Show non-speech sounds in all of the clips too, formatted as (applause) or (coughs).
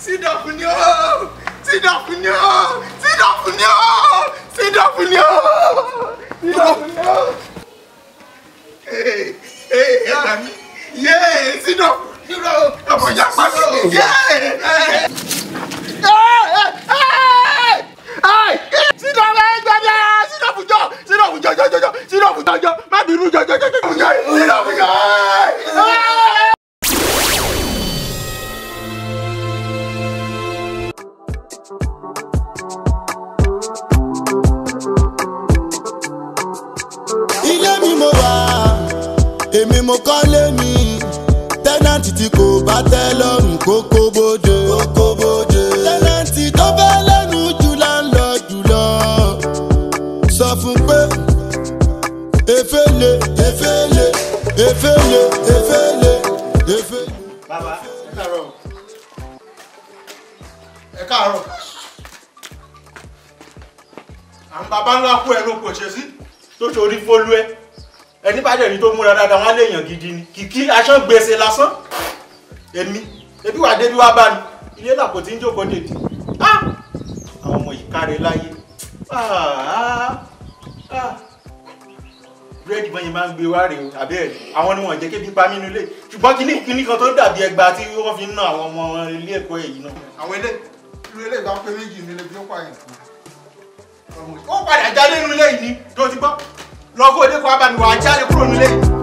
sídà fún ni ó sídà fún ni ó sídà fún ni ó sídà fún ni ó sídà fún ni ó. ee ee ẹ gbà mí yéé sídà fún ni ó ọmọ ìyá pa mí yéé. sídà fún ẹ gbàdá sídà fún jọ sídà fún jọ jọ jọ sídà fún jọ jọ má bínú jọ jọ jọ sídà fún jọ. èmi mo kọ́lé mi tẹ́nàntì tí kò bá tẹ́ lọ́rùn kókó bóde. kókó bóde. tẹ́nàntì tó fẹ́ lẹ́nu jù lá ń lọ jùlọ. sọ fún pé efele efele efele efele efele. bàbá ẹ káàárọ̀ ẹ káàárọ̀ àwọn baba ńlá kú ẹ ló kò ṣe sí tó ṣe orí fólú ẹ ẹni bá dẹ̀ ní tó múra dáadáa wọn á lè yàn gidi ni kìkì aṣọ gbèsè lásán èmi ebi wà débi wá bá mi ilé làpò tí ń jókòó dèdè àwọn ọmọ ìkáre láyé búrẹ́dì bọ́yìn máa ń gbé wá rèé àbí ẹ̀ àwọn ni wọ́n jẹ́ kébi pa mínú ilé ṣùgbọ́n kíní kíní kan tó dàbí ẹgba tí wọ́n fi ń ná àwọn ọmọ ilé ẹ̀kọ́ èyí náà. àwọn ilé irú ilé ìgbà pé méjì nílé bí ó pààyàn fún un. ó padà já lẹ́nu ilé yìí ni tó ti gbọ́ lọ́kọ́ òde kan abàmì wà á jáde kúrò nílé yìí.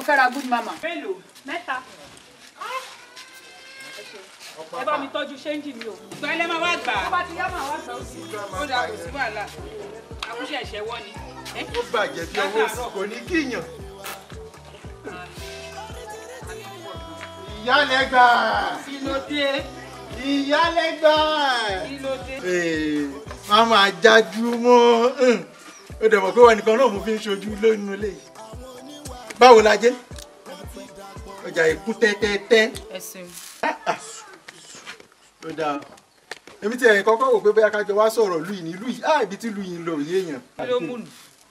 mo fẹ́ ra good mama. mélòó mẹ́ta ẹ bá mi tọ́jú ṣéǹjì mi o. gbẹ́lẹ́ máa wá gbà. ó bá ti yá máa wá gbà ó sì ó dà kò sí wàhálà àkúṣe ẹ̀ṣẹ̀ wọ́ ni. ó bàjẹ́ bí owó kò ní kíyàn. ìyálẹ́gbà. kí ló dé. ìyálẹ́gbà. kí ló dé. máa máa jájú mọ́ ó dẹ̀ mọ̀ pé wọn nìkan náà mo fi ń ṣojú lónìí lẹ́yìn báwo la jẹ́ ọjà ìkú tẹ́tẹ́tẹ́. ló ah, ah. dáa èmi tí ẹ̀yìn kọ́kọ́ wò pé bóyá kájọ wá sọ̀rọ̀ lùyìn ní lùyìn á ibi tí lùyìn lọ òye èèyàn.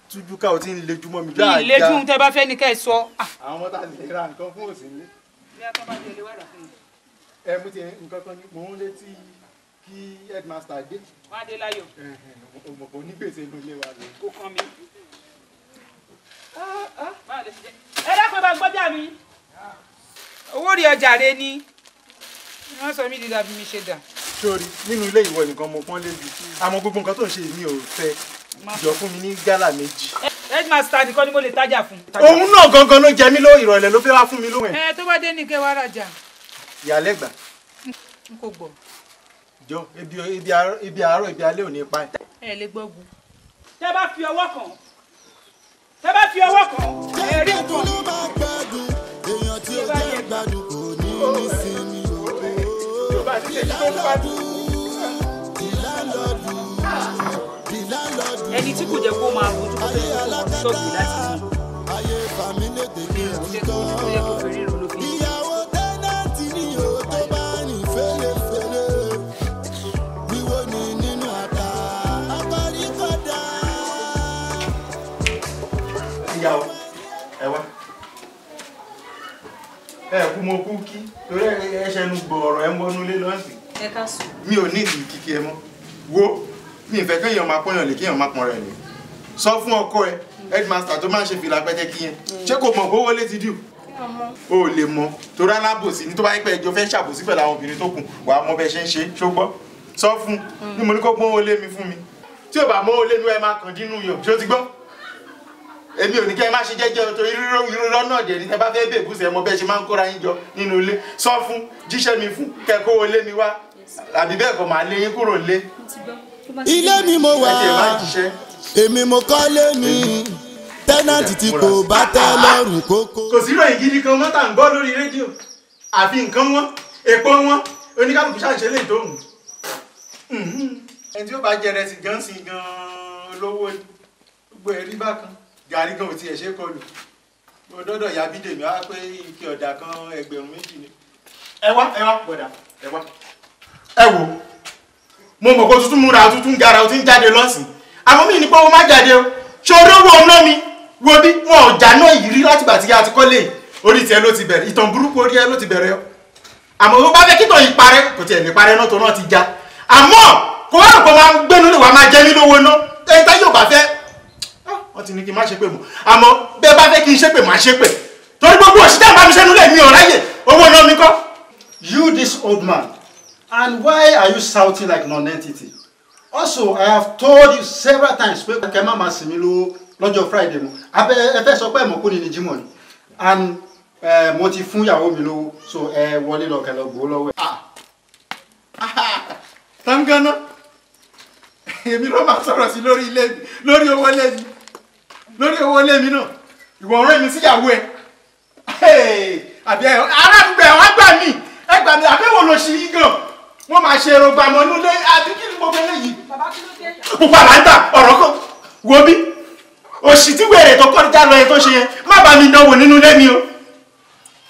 tújú ká o ti ń lejú mọ́ mi dáadáa. ìlejú tẹ bá fẹ́ ni kẹ́ ẹ sọ. Ah. àwọn ọmọ tá a lè ra nǹkan fún òsì ní. ẹ mú ti nǹkan kan ní mò ń létí kí headmaster dé. wá dé láyọ̀. ọmọ kò ní gbèsè ló lé wa lọ. kó kàn mí ẹ dákun bá gbọ́jà mi. owó rí ọjà rẹ ni wọ́n sọ mí di dàbí mi ṣe dà. sórí nínú ilé ìwọ nìkan mo pọ́n lébi àmọ́ gbogbo nǹkan tó ń ṣe mi ò fẹ́ jọ fún mi ní gálà méjì. headmaster nìkan ni mo lè tajà fún. òun náà gangan ló jẹ mí ló ìrọ̀lẹ́ ló fẹ́ wá fún mi lóhùn ẹ̀. ẹ tó bá dé ní kẹwàá rajà. ìyàlẹ́ gbà. n kò gbọ́. jọ ibi àárọ̀ ibi alẹ́ ò pa ẹ. ẹ lè gbọ́ gun. tẹ́ bá fi ọwọ́ kàn tẹ́ bá fi ọwọ́ kàn ẹ rí nǹkan. ẹni tí kò jẹ́ kó máa rojú kó fẹ́ kó máa ṣọ́ọ̀bù láti ní. ayé fàmílédè kí n ti tọ́. ẹ kú mo kú kí torí ẹṣẹ nu gbọ ọ̀rọ̀ ẹ ń wọnú lé lọ́sìn. ẹ ká sùn. mi ò ní ìdí kíkí ẹ mọ́ wo mi ìfẹ́ kéèyàn máa pọ́nyàn lè kéèyàn máa pọ́n rẹ̀ lè sọ fún ọkọ ẹ headmaster tó máa ń ṣe fìlà pẹ́tẹ́ kí yẹn mm. ṣé kò mọ̀ owó létí dì o ò lè mọ torí alábòsí ní tó bá yẹ pé ẹjọ́ fẹ́ ṣàbòsí pẹ̀lú àwọn obìnrin tó kù wà á mọ bẹ́ẹ̀ ṣe ń ṣe ṣógbọ́ sọ fún un ní mm. mo ní kó gbọ́n olé mi fún mi tí ò bá mọ́ olé mi ẹ máa kàn dínú yọ̀ ṣé o ti gbọ́ èmi ò ní kẹ́ ẹ má ṣe jẹ́jẹ́ o torí rírọ́ náà dẹ̀ ní ẹ bá fẹ́ bèbú sẹ́ mo bẹ́ẹ̀ ṣe máa ń kóra yín jọ nínú ilé sọ fún jíṣẹ́ mi fún kẹ́kọ́ wo mi wá àbí bẹ́ẹ̀ kọ́ màá lé yín kúrò lé. ilé mi mo wà èmi mo kọ́ lé mi tẹ́nàtì tí kò bá tẹ́ lọ́rùn kókó. kò sí ìròyìn gidi kan mọ́tà ń gbọ́ lórí rédíò àfi nǹkan wọn èpo wọn oníkálukú ṣàǹṣe lè tóhùn. ẹni tí ó bá jẹrẹ sí gan sí gan olówó ẹ̀rí bákan gàrí gan ò tiẹ̀ ṣe kọlù mo dọ́dọ̀ ya bídèmí wá pé ike ọ̀dà kan ẹgbẹ̀rún méjì ni ẹ wá ẹ wá bọ̀dà ẹ wá ẹ wò mo mọ̀ kó tuntun múra tuntun gara o ti ń jáde lọ́sìn àmọ́ mi ní pé o má jáde o ṣe olówó ọ̀nà mi wo bí wọn ò já náà yìí rí látìgbà tí a ti kọ́lé orí tiẹ̀ ló ti bẹ̀rẹ̀ ìtàn burúkú orí ẹ ló ti bẹ̀rẹ̀ o àmọ́ tó bá fẹ́ kí tàn yìí parẹ́ kò tiẹ̀ ní parẹ́ náà tó náà ti já àmọ́ kò wá nǹkan máa ń gbénu lè wá máa jẹ́ nínú owó náà ẹni tá yóò bá wọ́n ti ní kí n má ṣépè mọ́ àmọ́ bẹ́ẹ̀ bá fẹ́ kí n ṣépè má ṣépè torí gbogbo òṣìṣẹ́ àbámi sẹ́nu lẹ̀ mi ò owó náà mi kọ́. you this old man and why are you shouting like non-entity also i have told you several times pé kẹ́ má máa sìn mí lówó lọ́jọ́ friday mo abẹ́ ẹ fẹ́ sọ pé ẹ̀mọ́ kò ní ní jimoh and mo ti fún ìyàwó mi lówó so ẹ wọlé lọ kẹ́ lọ gbowó lọ́wọ́ ah! (laughs) tangana èmi ló máa sọ̀rọ̀ sí lórí ilé mi lórí owó lẹ́yìn lórí owó ilé mi náà ìwọ ọ̀rẹ́ mi síyàwó ẹ àbí ẹ arábùgbẹ ẹ wá gbà mí ẹ gbà mí àbẹ̀wò ló ṣe yín gan wọn máa ṣe èròǹgbà mọ nílé àbí kí ni mo fẹ́ léyìí. pupa là ń tà ọ̀rọ̀ kan wo bí òṣì tí wèrè tó kọ́ já lọ yẹn tó ṣe yẹn má bá mi dánwò nínú ilé mi o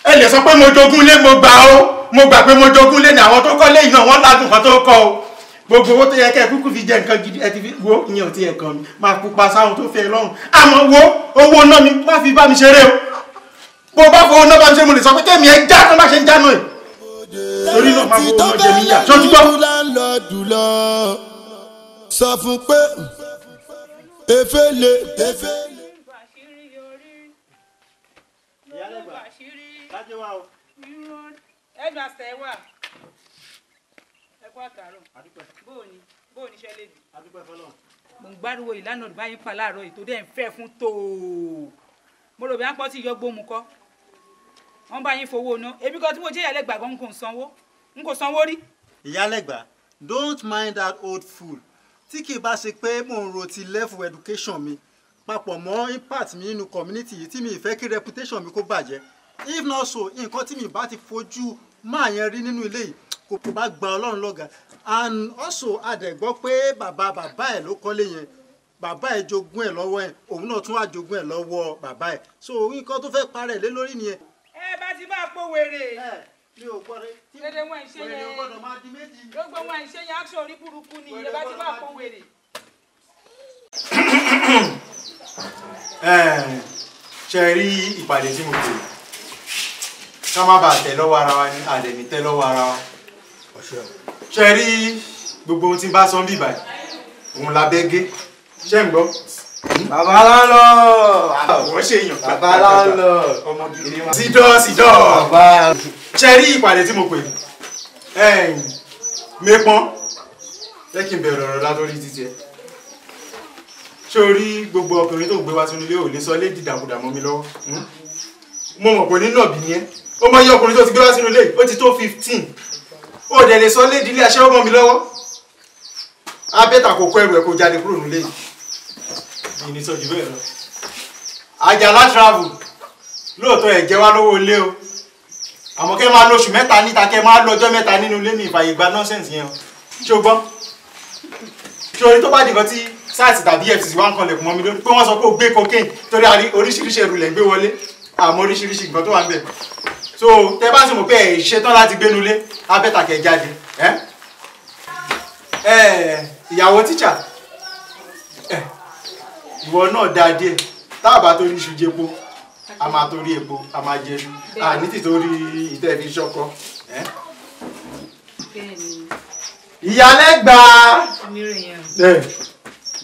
ẹ lè sọ pé mo jogún lé mo gbà o mo gbà pé mo jogún lé ní àwọn tó kọ́ lé ìnáwó ládùn kan tó kọ́ o gbogbo owó tó yẹ kẹ́ kúkú fi jẹ nǹkan gidi ẹ ti fi wo ìyẹn ò ti yẹ kàn mí máa pupa sáwọn tó fẹ́ lọ́rùn àmọ́ wo owó náà ni wá fi bá mi ṣeré o bó o bá fowó náà bá mi ṣe mo lè sọ pé kémi ẹ já tó bá ṣe ń já náà torí náà máa fowó náà jẹ mí yà ṣọ́jú gbọ́. sọ fún pé efe le efe. ìyálẹ́gbà ṣáájú wa o. ẹgbàá sẹ́wà kú àtàárọ̀ bóòní bóòní iṣẹ́ lè bí. mo ń gbárùwò ìlànà ìgbà yín pa láàárọ̀ yìí tó dé ń fẹ́ fún tóo mo rò bí wọ́n pọ́ sí yọ gbóhùn kọ́ wọ́n bá yín fowó ná èmi kan tí mo jẹ́ ìyálẹ́gbà gan kò sanwó n kò sanwó rí. ìyálẹ́gbà don't mind that old fool tí kì í bá ṣe pé mò ń ro ti level education mi papọ̀ mọ́ impact mi nínú community yìí tí mi ì fẹ́ kí reputation mi kó bàjẹ́ if not so nǹkan tí mi bá ti fojú máa yẹn rí nínú ilé yìí kò kò bá gba ọlọ́run lọ́gà and also adẹ̀gbọ́ pé bàbá bàbá ẹ̀ ló kọ́lé yẹn bàbá ẹ̀ jogún ẹ̀ lọ́wọ́ ẹ̀ òun náà tún wá jogún ẹ̀ lọ́wọ́ bàbá ẹ̀ so nǹkan tó fẹ́ parẹ́ lé lórí nìyẹn. ẹ bá ti bá a pò wèrè. ẹ mi ò gbọ́dọ̀ tí wèrè ò gbọ́dọ̀ máa di méjì. gbogbo wọn ìṣe yẹn aṣọ orí burúkú ni ẹ bá ti bá a pò wèrè. (coughs) ẹ ṣe rí ìpàdé tí mo pè é ká má bàa tẹ̀ lọ́wọ́ ara wa ní àdẹ̀mí tẹ́ lọ́wọ́ ara wa ṣe rí gbogbo ohun tí bá sọ ń bì báyìí òun la bẹ́ gé ṣé ń gbọ́. bàbá lọ́lọ́ àwọn ah, ṣe èèyàn bàbá lọ́lọ́ sídọ́ sídọ́ ṣe rí ìpàdé tí mo pè mépọn jẹ́ kí n bẹ̀rẹ̀ ọ̀rọ̀ látọ́rí títí ẹ̀ ṣé o rí gbogbo ọkùnrin tó gbé wá sínú ilé ò lè sọ lé dìdàkudà mọ́ mi lọ́wọ́ hmm? mo mọ̀ pé nínú ọ̀bì ni ẹ́ ó mọ iye ọkùnrin tó ti gbé wá sínú ilé ó ti tó fifteen ó dẹ̀ lè sọ lédi ilé aṣẹ́wó mọ́ mi lọ́wọ́ abẹ́ta kò kọ ẹrù ẹ̀ kó jáde kúrò nílé yìí yìí ní sọ́jú bẹ́ẹ̀ lọ. àjàlá travel lóòótọ́ ẹ̀ jẹ́ wá lówó ilé o àmọ́ kẹ́ máa lóṣù mẹ́ta níta kẹ́ máa lọ́jọ́ mẹ́ta nínú ilé mi ìfàyè gba nọ́sẹ̀nsì yẹn o ṣé o gbọ́ ṣé orí tó bá dìgbọ́ tí SARS tàbí EFCC wá ń kan lẹ̀kùn mọ́ mi lórí pé wọ́n sọ pé o gbé cocaine torí oríṣiríṣi ẹrù lẹ̀ gbé wọlé àmọ́ oríṣiríṣi nǹkan tó wà ń bẹ̀ so tẹ bá sì mọ̀ pé ẹ ṣetán láti gbénulé abẹ́tàkẹ́ jáde ẹ ẹ ìyàwó tíṣà ẹ ìwọ náà dáa díẹ̀ tá a bá torí iṣu jẹpo a máa torí epo a máa jẹṣu a ní tìtorí ìtẹ̀fíṣọ́ kọ ẹ. ìyálẹ́gba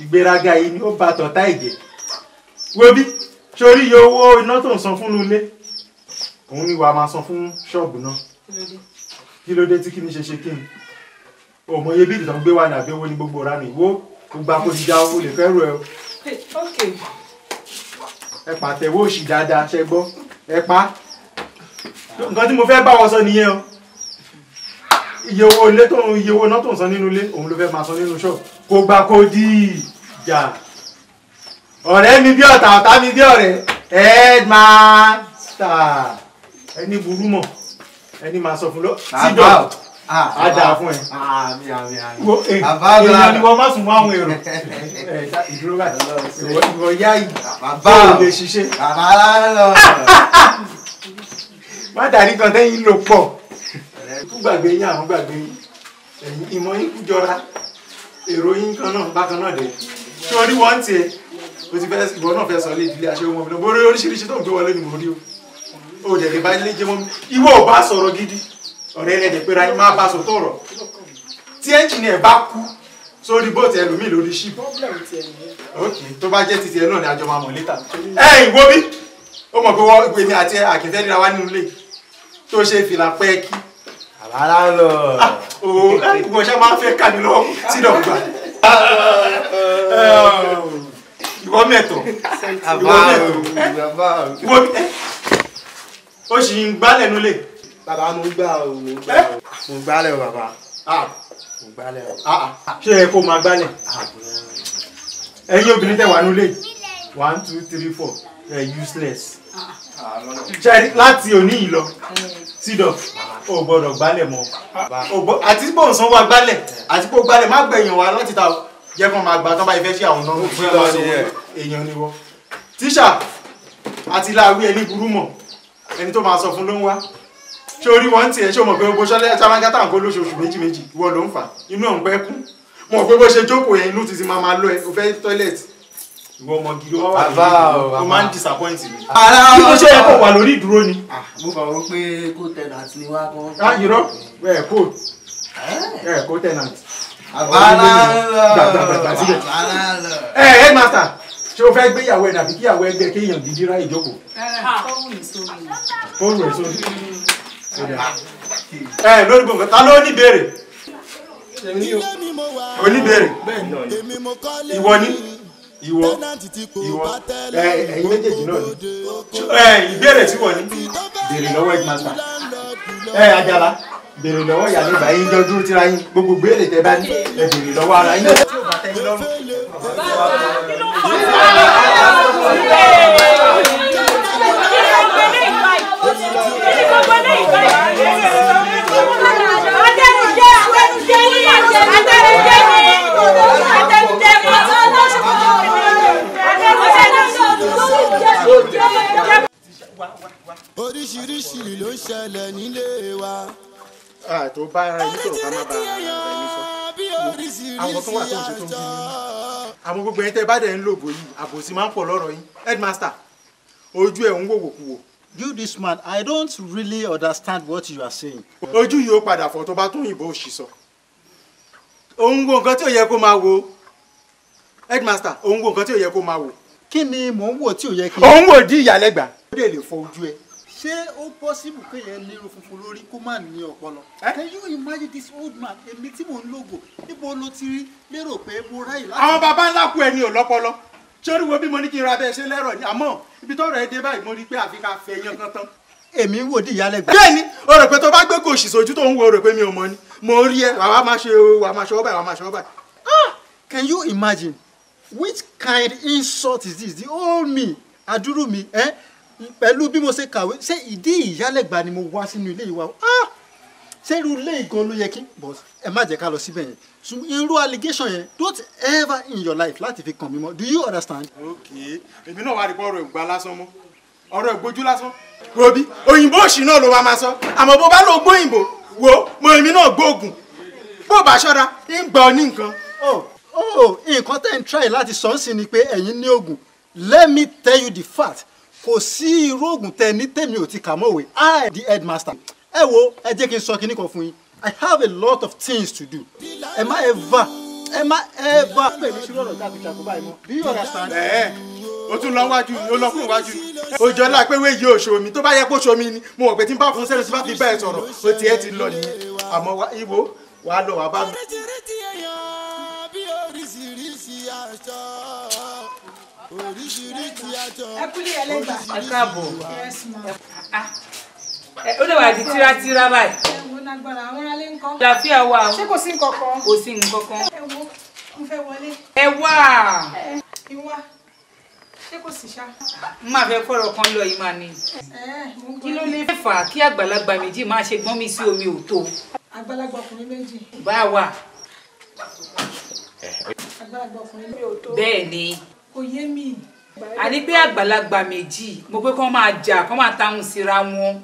ìgbéraga yìí ni ó ba tọ̀tá ìjẹ́ wo bí sórí iye owó iná tó ń san fún un lé òun ni wàá máa san fún ṣọ́ọ̀bù náà kí ló dé tí kí ni ṣe ṣe kí ni o mọ iye bíìlì tó gbé wá ní àbí ní gbogbo ra ni wo gbogbo akódìjà o lè fẹ́ rú ẹ o. ẹ pàtẹ́wọ́ òṣì dáadáa ṣe gbọ́ ẹ pa nǹkan tí mo fẹ́ bá wọn sọ nìyẹn o iye owó ilé tó ń iye owó náà tó ń san nínú ilé òun ló fẹ́ máa san nínú ṣọ́ọ̀bù kó gba kó dì í jà ọ̀rẹ́ mi bí ọ̀tá ọ̀tá mi bí ọ̀rẹ́ headmaster ẹni burú mọ̀ ẹni máa sọ fún lọ sídọ̀ á dáa fún ẹ. wo eh, èèyàn ni wọ́n má sùn mọ́ àwọn èrò (laughs) eh, ìdúró báyìí ìwọ yá yìí kó o lè ṣiṣẹ́. má dàrí kan tẹ́yìn lò pọ̀ kú gbàgbé yín àwọn gbàgbé yín ẹ̀yìn ìmọ̀ yín kú jọra èrò yín kan náà bákan náà dé tí wọ́n rí wọ́n tiẹ̀ o ti fẹ́ ìbọn náà fẹ́ sọ lé ìdílé aṣẹ́wó mọ́ mi náà bó rí oríṣiríṣi tó ń gbé wọlé ni mo rí o o de dẹ̀ lè bá ilé jẹ́ mọ́ mi ìwọ ò bá sọ̀rọ̀ gidi ọ̀rẹ́ rẹ̀ dẹ̀ pera yín máa bá sọ tọ̀rọ̀ tí ẹ́ńjìnì ẹ̀ bá kú sórí bóòtù ẹlòmíì lórí ṣíìpù ok tó bá jẹ́ titi ẹ náà ni àjọ máa mọ̀ létà ẹ ìwọ bí ó mọ̀ pé wọ́n gbé mi àti àkìntẹ́ nira wá nínú ilé tó ṣe fìlà pẹ́ẹ́kì. àbára ń lọ. òun ah, ìwọ ṣá máa ń fẹ́ kà mí lọ sí dọ̀gba. (laughs) ìwọ mẹ́tọ̀ ìwọ mẹ́tọ̀ ìwọ mẹ́tọ̀ ó sì ń gbálẹ̀ nulẹ̀. bàbá mo gbà o mo gbà eh? o. mo gbálẹ̀ o bàbá. Ah. mo gbálẹ̀ o. Ah, ah. ṣé ẹ kó máa gbálẹ̀. ẹ̀yin obìnrin tẹ wà nulẹ̀ one two three four uh, useless. ṣe láti òní yìí lọ sídọ̀ o gbọ́dọ̀ gbálẹ̀ mọ́ àti bò ń sanwó agbálẹ̀ àti bò gbálẹ̀ má gbẹ̀yìn wa láti ta jẹ́ kó máa gba tán báyìí fẹ́ ṣe àwọn náà èèyàn ni wọ́n tíṣà àti láàwí ẹni burú mọ̀ ẹni tó máa sọ fún ló ń wá ṣé orí wọn tiẹ̀ ṣé o mọ̀ pé gbogbo ṣọlẹ́ ṣáláńgá tá à ń kó lóṣooṣù méjì méjì ìwọ ló ń fà inú ẹ̀ ń pẹ́ kú mọ̀ pé bó ṣe jókòó yẹn inú ti ti máa máa lọ ẹ o fẹ́ tọ́ílẹ̀tì ìwọ ọmọ gidi wọn wà lórí o máa ń disappoint mi. kí ló ṣe yẹ kó wà lórí ìdúró ni. Ah, mo fà wọ́n pé kó tenant ni wá kọ́. á yìrọ ẹ kó ẹ kó eh? tenant. àbálá lọ àbálá lọ. ẹ headmaster ṣé o fẹ́ gbéyàwó ẹ̀ nàbí kíyàwó ẹ gbé kéèyàn gidi rá ìjókòó. fóònù ẹ̀ sórí. ẹ lórí gbòǹgbò ta ló ní béèrè. oníbèrè ìwọ ni ìwọ ìwọ ẹ ẹyin méjèèjì náà ni ẹ ìbéèrè tí wọ ni béèrè lọ́wọ́ ẹgbẹ́ máa ta ẹ Àjàlá béèrè lọ́wọ́ ìyá nígbà yín jọ dúró tíra yín gbogbo béèrè tẹ bá ní ẹ béèrè lọ́wọ́ ara yín. oríṣiríṣi ló ń ṣẹlẹ̀ nílé wa àìtó ah, bá ara ẹni sọ̀rọ̀ ká má bá ara ẹni sọ àwọn tó wà tó ń ṣe tó ń bí àwọn gbogbo ẹni tẹ́ bá dẹ̀ ń lògò yìí àbòsí máa ń pọ̀ lọ́rọ̀ yín headmaster ojú ẹ̀ ń wòwò kú wò. you this man i don't really understand what you are saying. ojú yìí ó padà fọ́ tó bá tó òyìnbó òṣì sọ òun wo nǹkan tí ò yẹ kó máa wo headmaster òun wo nǹkan tí ò yẹ kó máa wo. kí ni mò ń wò tí ò yẹ kí. òun wò di ìyàlẹ́gbà. ó dẹ̀ lè fọ ojú ẹ ṣé ó possible kéèyàn lérò funfun lórí kó má ní ọpọlọ. can you imagine this old man èmi tí mò ń lògò níbo ló ti rí lérò pé mo ráyè láti. àwọn baba ńlá kú ẹni ò lọ́pọlọ sórí wo bí mo ní kí n ra bẹ́ẹ̀ ṣe lẹ́rọ̀ ni àmọ́ ibi tọ́rọ̀ ẹ dé báyìí mo rí i pé àfi ká fẹ́ yan kan tán. èmi wò di ìyálẹ́gbẹ́. bẹ́ẹ̀ni o rò pé tó bá gbé gòṣì sójú tó ń wo rò pé mi ò mọ ni mo rí ẹ wàá máa ṣe wàá máa ṣọwọ́ báyìí wàá máa ṣọwọ́ báyìí. ah can you imagine which kind insult is this the old me adúrú mi eh? pẹ̀lú bí mo ṣe kàwé ṣé ìdí ìyálẹ̀gbà ni mo wá sínú ilé ìwà ah ṣé irú ilé ìgan ló yẹ kí but ẹ má jẹ́ ká lọ síbẹ̀ yẹn so irú allegation yẹn don't ever in your life láti fi kàn mí mọ́ do you understand. okay èmi náà wá rí pọ́ ọ̀rọ̀ ìgbà lásán mọ́ ọ̀rọ̀ ìgbójú lásán robi òyìnbó òsì náà ló wá máa sọ àmọ́ bó bá lọ gbóyìnbó wo mo èmi náà gbóògùn bó bá ṣọ́ra ń gbà ní nǹkan. Oh, oh nǹkan tẹ́ ń try láti sọ ń sìn ni pé ẹ̀yin ní oògùn let me tell you the fact kò sí irú oògùn tẹ ní tèmi ò ti kà mọ́wé i the headmaster ẹ wo ẹ jẹ́ kí n sọ kinní kan fún yín i have a lot of things to do ẹ má ever ẹ má ever. pèmí sí lọ́rọ̀ tàbí tàbí báyìí mọ́ bí yóò rà sàn. ẹ o tún lọ wájú o lọ kúrò wájú ojú ọlá pé wéyí òṣòmi tó bá yẹ kó ṣomi ni mo mọ̀ pé tí n bá fún sẹ́nu tí bá fi bẹ́ẹ̀ sọ̀rọ̀ o tiẹ̀ ti lọ nìyẹn àmọ́ ìwọ wàá lọ wàá bá mi oríṣiríṣi àtọ oríṣiríṣi ìwà. Ah, ó lè wà di tírátíra báyìí. ẹ̀wọ̀n lágbára àwọn aráalé ń kọ́. ìlàfíà wà o. ṣé kò sí nǹkan kan. kò sí nǹkan kan. ẹ̀wọ̀n mo fẹ́ wọlé. ẹ wá. ìwà ṣé kò sì ṣá. n máa fẹ́ fọ̀rọ̀ kan lọ yìí máa ní. kí ló lè fà á kí àgbàlagbà méjì máa ṣe gbọ́n mi sí omi òtó. àgbàlagbà ọkùnrin méjì. bá a wà. àgbàlagbà ọkùnrin mi ò tó. bẹ́ẹ̀ ni kò yé mi. àní pé àgbàlagbà méjì mo pé kán máa jà kán máa tahun síra wọn.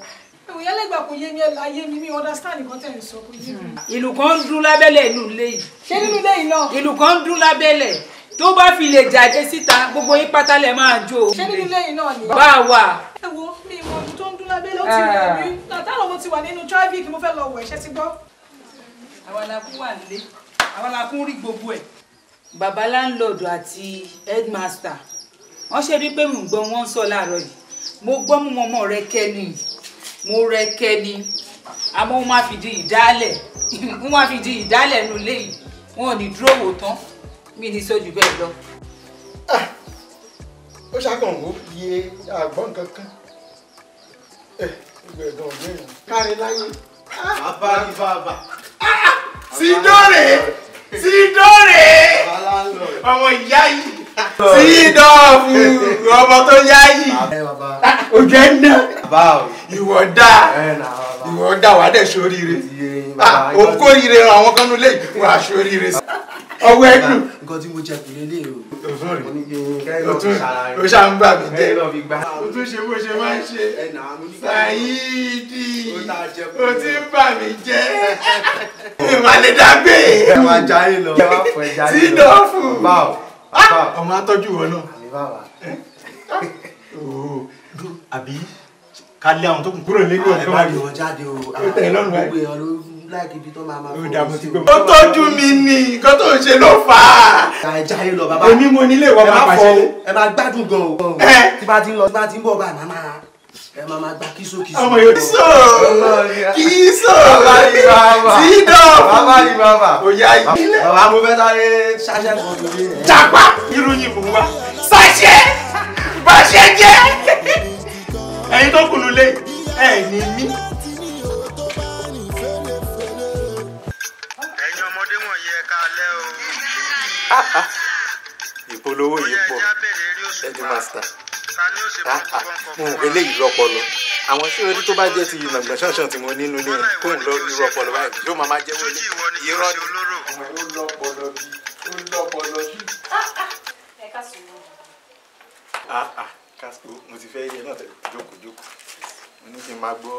ẹ̀wọ̀n yálẹ̀ gbà kò yé mi ayé mi mi understand nǹkan tẹ̀ ń sọ kò yé mi. ìlù kan ń dún lábẹ́lẹ̀ inú ilé yìí. ṣé nínú ilé yìí náà. ìlù kan ń dún lábẹ́lẹ̀ tó bá fi lè jáde síta gbogbo yín pátá lẹ máa jó ṣé nínú ilé yìí náà ni. bá a wà. ẹ mi ìmọ̀ ọdún tó ń dún lábẹ́ ló ti rẹ̀ mí látàlọ́ ah. mo ti wà nínú traffic mo fẹ́ lọ wọ̀ ẹ̀ bàbá láńlọ́ọ̀dù àti headmaster wọ́n ṣe rí pé mò ń gbọ́ wọ́n ń sọ láàárọ̀ yìí mo gbọ́ mú mọ́mọ́ rẹ kẹ́ni mo rẹ kẹ́ni àmọ́ wọ́n máa fi di ìdálẹ̀ wọ́n máa fi di ìdálẹ̀ nù léyìí wọn ò ní dúró wò tán mi ní sójú bẹ́ẹ̀ lọ. Ah! ó ṣàkàn ó yẹ àgbọn kankan ìgbẹ̀dọ̀ eh, ọ̀gbẹ́rún kárí láyé. bàbá bàbá. sí ah, dọ́rẹ̀ẹ́. Ah! sídọ́rẹ̀ ọmọ ìyá yìí sídọ́ọ̀fù ọmọ tó yá yìí ojú ẹ̀ ń dá ìwọ dá ìwọ dá wàá dẹ̀ sóríire òkórire ah, àwọn kan nulẹ̀ wàá sóríire sí ọwọ́ ẹ̀dùn. nǹkan tí mo jẹ kù lé lé o. o tún o ṣáà ń bà mí jẹ́ o tún ṣe bó ṣe máa ń ṣe ṣàyíìdì o ti ń bà mí jẹ́ ìmàlédàgbé sídọ̀fù ah! ọmọ atọ́jú wọn náà oh. àbí ká lé àwọn tó kù kúrò nílé ọ̀dọ́ wa ni. àbí wọn jáde o àwọn gbogbo ẹ̀ ọlọ́run láìkí ibi tó máa máa fọwọ́ sí o. ó tọ́jú mi ní nǹkan tó ń ṣe ló fà á. àìjà yìí lọ bàbá èmi mo nílé ìwọ máa pàṣẹ. ẹ máa gbádùn gan o. tí bá ti ń lọ tí bá ti ń bọ̀ bá àná máa ẹ máa máa gba kíso kíso. ọmọ yóò kíso kíso sídọ̀ọ̀ bàbá ni bàbá òyà ìbílẹ̀. bàbá mo fẹ́ sáré ṣáṣẹ́ kan jàpá irú yìí fún wa ṣàṣẹ bàṣẹ jẹ ẹyin tó kùnú lé ẹ ní mí. ìpolówó yìí pọ̀ ẹni master ah, ah, mo ò eléyìí lọ́pọlọ àwọn tí orí tó bá jẹ́ ti ìnàgbọ̀n ṣọ̀ṣọ̀ tí mo nínú ní kó ń lọ ní lọ́pọlọ báyìí yóò máa máa jẹ́ wọlé irọ́ ni ọmọ ó lọ́pọlọ bí ó lọ́pọlọ bí. ẹ ká sùn lọ. ah ah kásìkò mo ti fẹ́ yẹ náà tẹ̀lé jókòó jókòó mo ní kí n máa gbọ́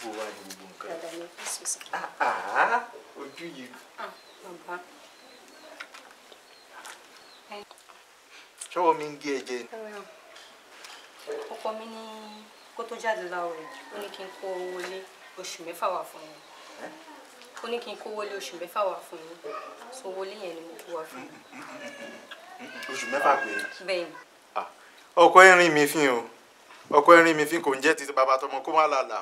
bó wà ní gbogbo nǹkan. Ah, ojú yìí. ṣọwọ́ mi ń gé ẹ̀jẹ̀ ni. ọkọ mi ní kó tó jáde láòrè ó ní kí n kó owó lé oṣù mẹ́fà wà fún yín ó ní kí n kó owó lé oṣù mẹ́fà wà fún yín so owó lé yẹn ni mo kó wá fún yín. oṣù mẹ́fà péré. bẹ́ẹ̀ ni. ọkọ ẹrin mi fín o ọkọ ẹrin mi fín kò ń jẹ́ ti bàbá tọmọ kó má làlà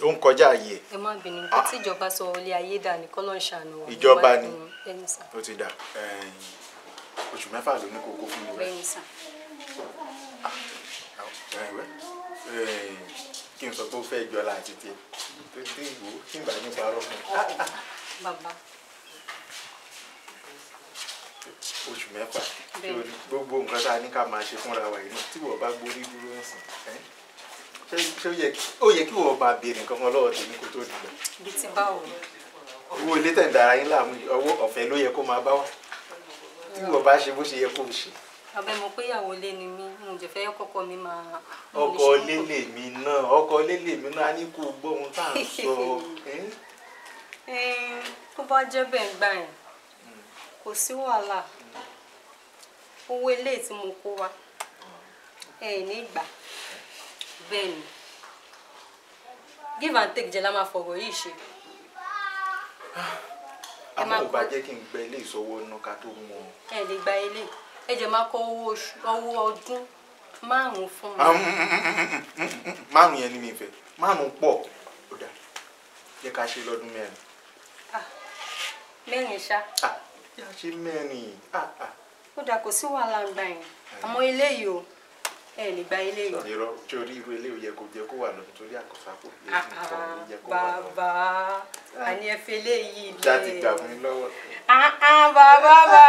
ó ń kọjá ààyè. ẹ má bínú kó tíjọba sọ ilé ayé dà ní kọ́lọ́ọ̀ṣà ni wọ́n. ìjọba ni ó ti dà oṣù mẹ́fà ló ní kókó fún mi rẹ̀ ah, kí n sọ pé ó fẹ́ jọlá àti tiẹ̀ tó dé ìwò kí n bá ní parọ́ fún un. oṣù mẹ́fà gbogbo nǹkan tá a ní ká máa ṣe fúnra wa yìí tí wọ́n bá gborí dúró ń sìn ó yẹ kí wọ́n máa béèrè nǹkan kan lọ́wọ́ tèmi kó tó dìgbà. bí ti báwo. owó ilé tẹ̀ ń dara yín láàmú ọwọ́ ọ̀fẹ́ ló yẹ kó máa bá wa. tí mo bá ṣe bó ṣe yẹ kó ṣe. abẹ́ mo pé ìyàwó ilé ni mí mo jẹ́ fẹ́ ọkọ mi máa. ọkọ lélè mi náà ọkọ̀ lélè mi náà á ní kó gbọ́ ohun tá à ń sọ. (laughs) tó bá jẹ́ bẹ́ẹ̀ gbà yẹn kò sí wàhálà owó ilé tí mo kó wa ẹ ní gbà bẹ́ẹ̀ ni give and take jẹ́ la máa fọ̀rọ̀ yìí ṣe. Ah. àmọ́ ò bá jẹ́ kí n gba ilé ìsọwọ́ ná ká tó mú ọ. ẹ lè gba ilé ẹ jẹ máa kọ owó ọdún márùn fún mi. (laughs) márùn yẹn ni mi fẹ́ márùn pọ̀ ó dà jẹ́ ká ṣe lọ́dún mẹ́rin. mẹ́rin ṣá. yá ṣe ó dà kò sí wàhálà gbà yẹn àmọ́ ilé yìí o ẹ lè gba ilé yìí. sọ̀rọ̀ tí orí irú ilé yẹ kó jẹ kó wà lọ nítorí àkọsápò yẹ kí ah, n kọ́ yẹ kó wà lọ. bàbá àní ẹ fi ilé yìí lé. já ti gbà mí lọ́wọ́. Ah, ah, bàbá bàbá.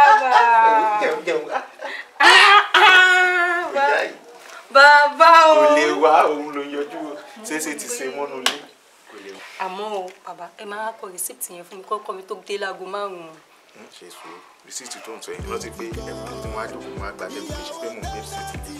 bàbá o. kò lè wá òun ló yọjú ṣéṣe ti ṣe mọ́nu ilé àmọ́ o bàbá ẹ máa kọ rìsíìtì yẹn fún mi kọ́kọ́ mi tó dé láago márùn-ún ṣe sùúrù rìsíìtì tó ń sọ yìí lọ́sí pé ẹ̀kọ́ tí wọ́n á jókòó wọn á gbàdébùn kì ṣe pé mò ń bẹ́ẹ̀ sí ti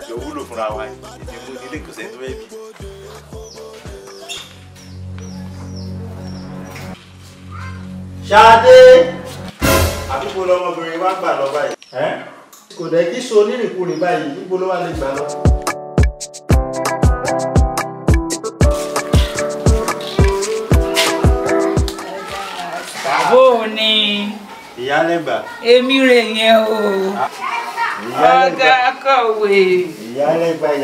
àti òwúlò fúnra wa èmi mú nílé kò sẹ́ni tó fẹ́ bí. Ṣadé àdúgbò lọmọbìnrin wa gbà lọ báyìí. kò dẹ̀ kí so onírìnkúrìn báyìí níbo ló wà lè gbà lọ. bó o ní. Ah ọ̀gá akọ̀wé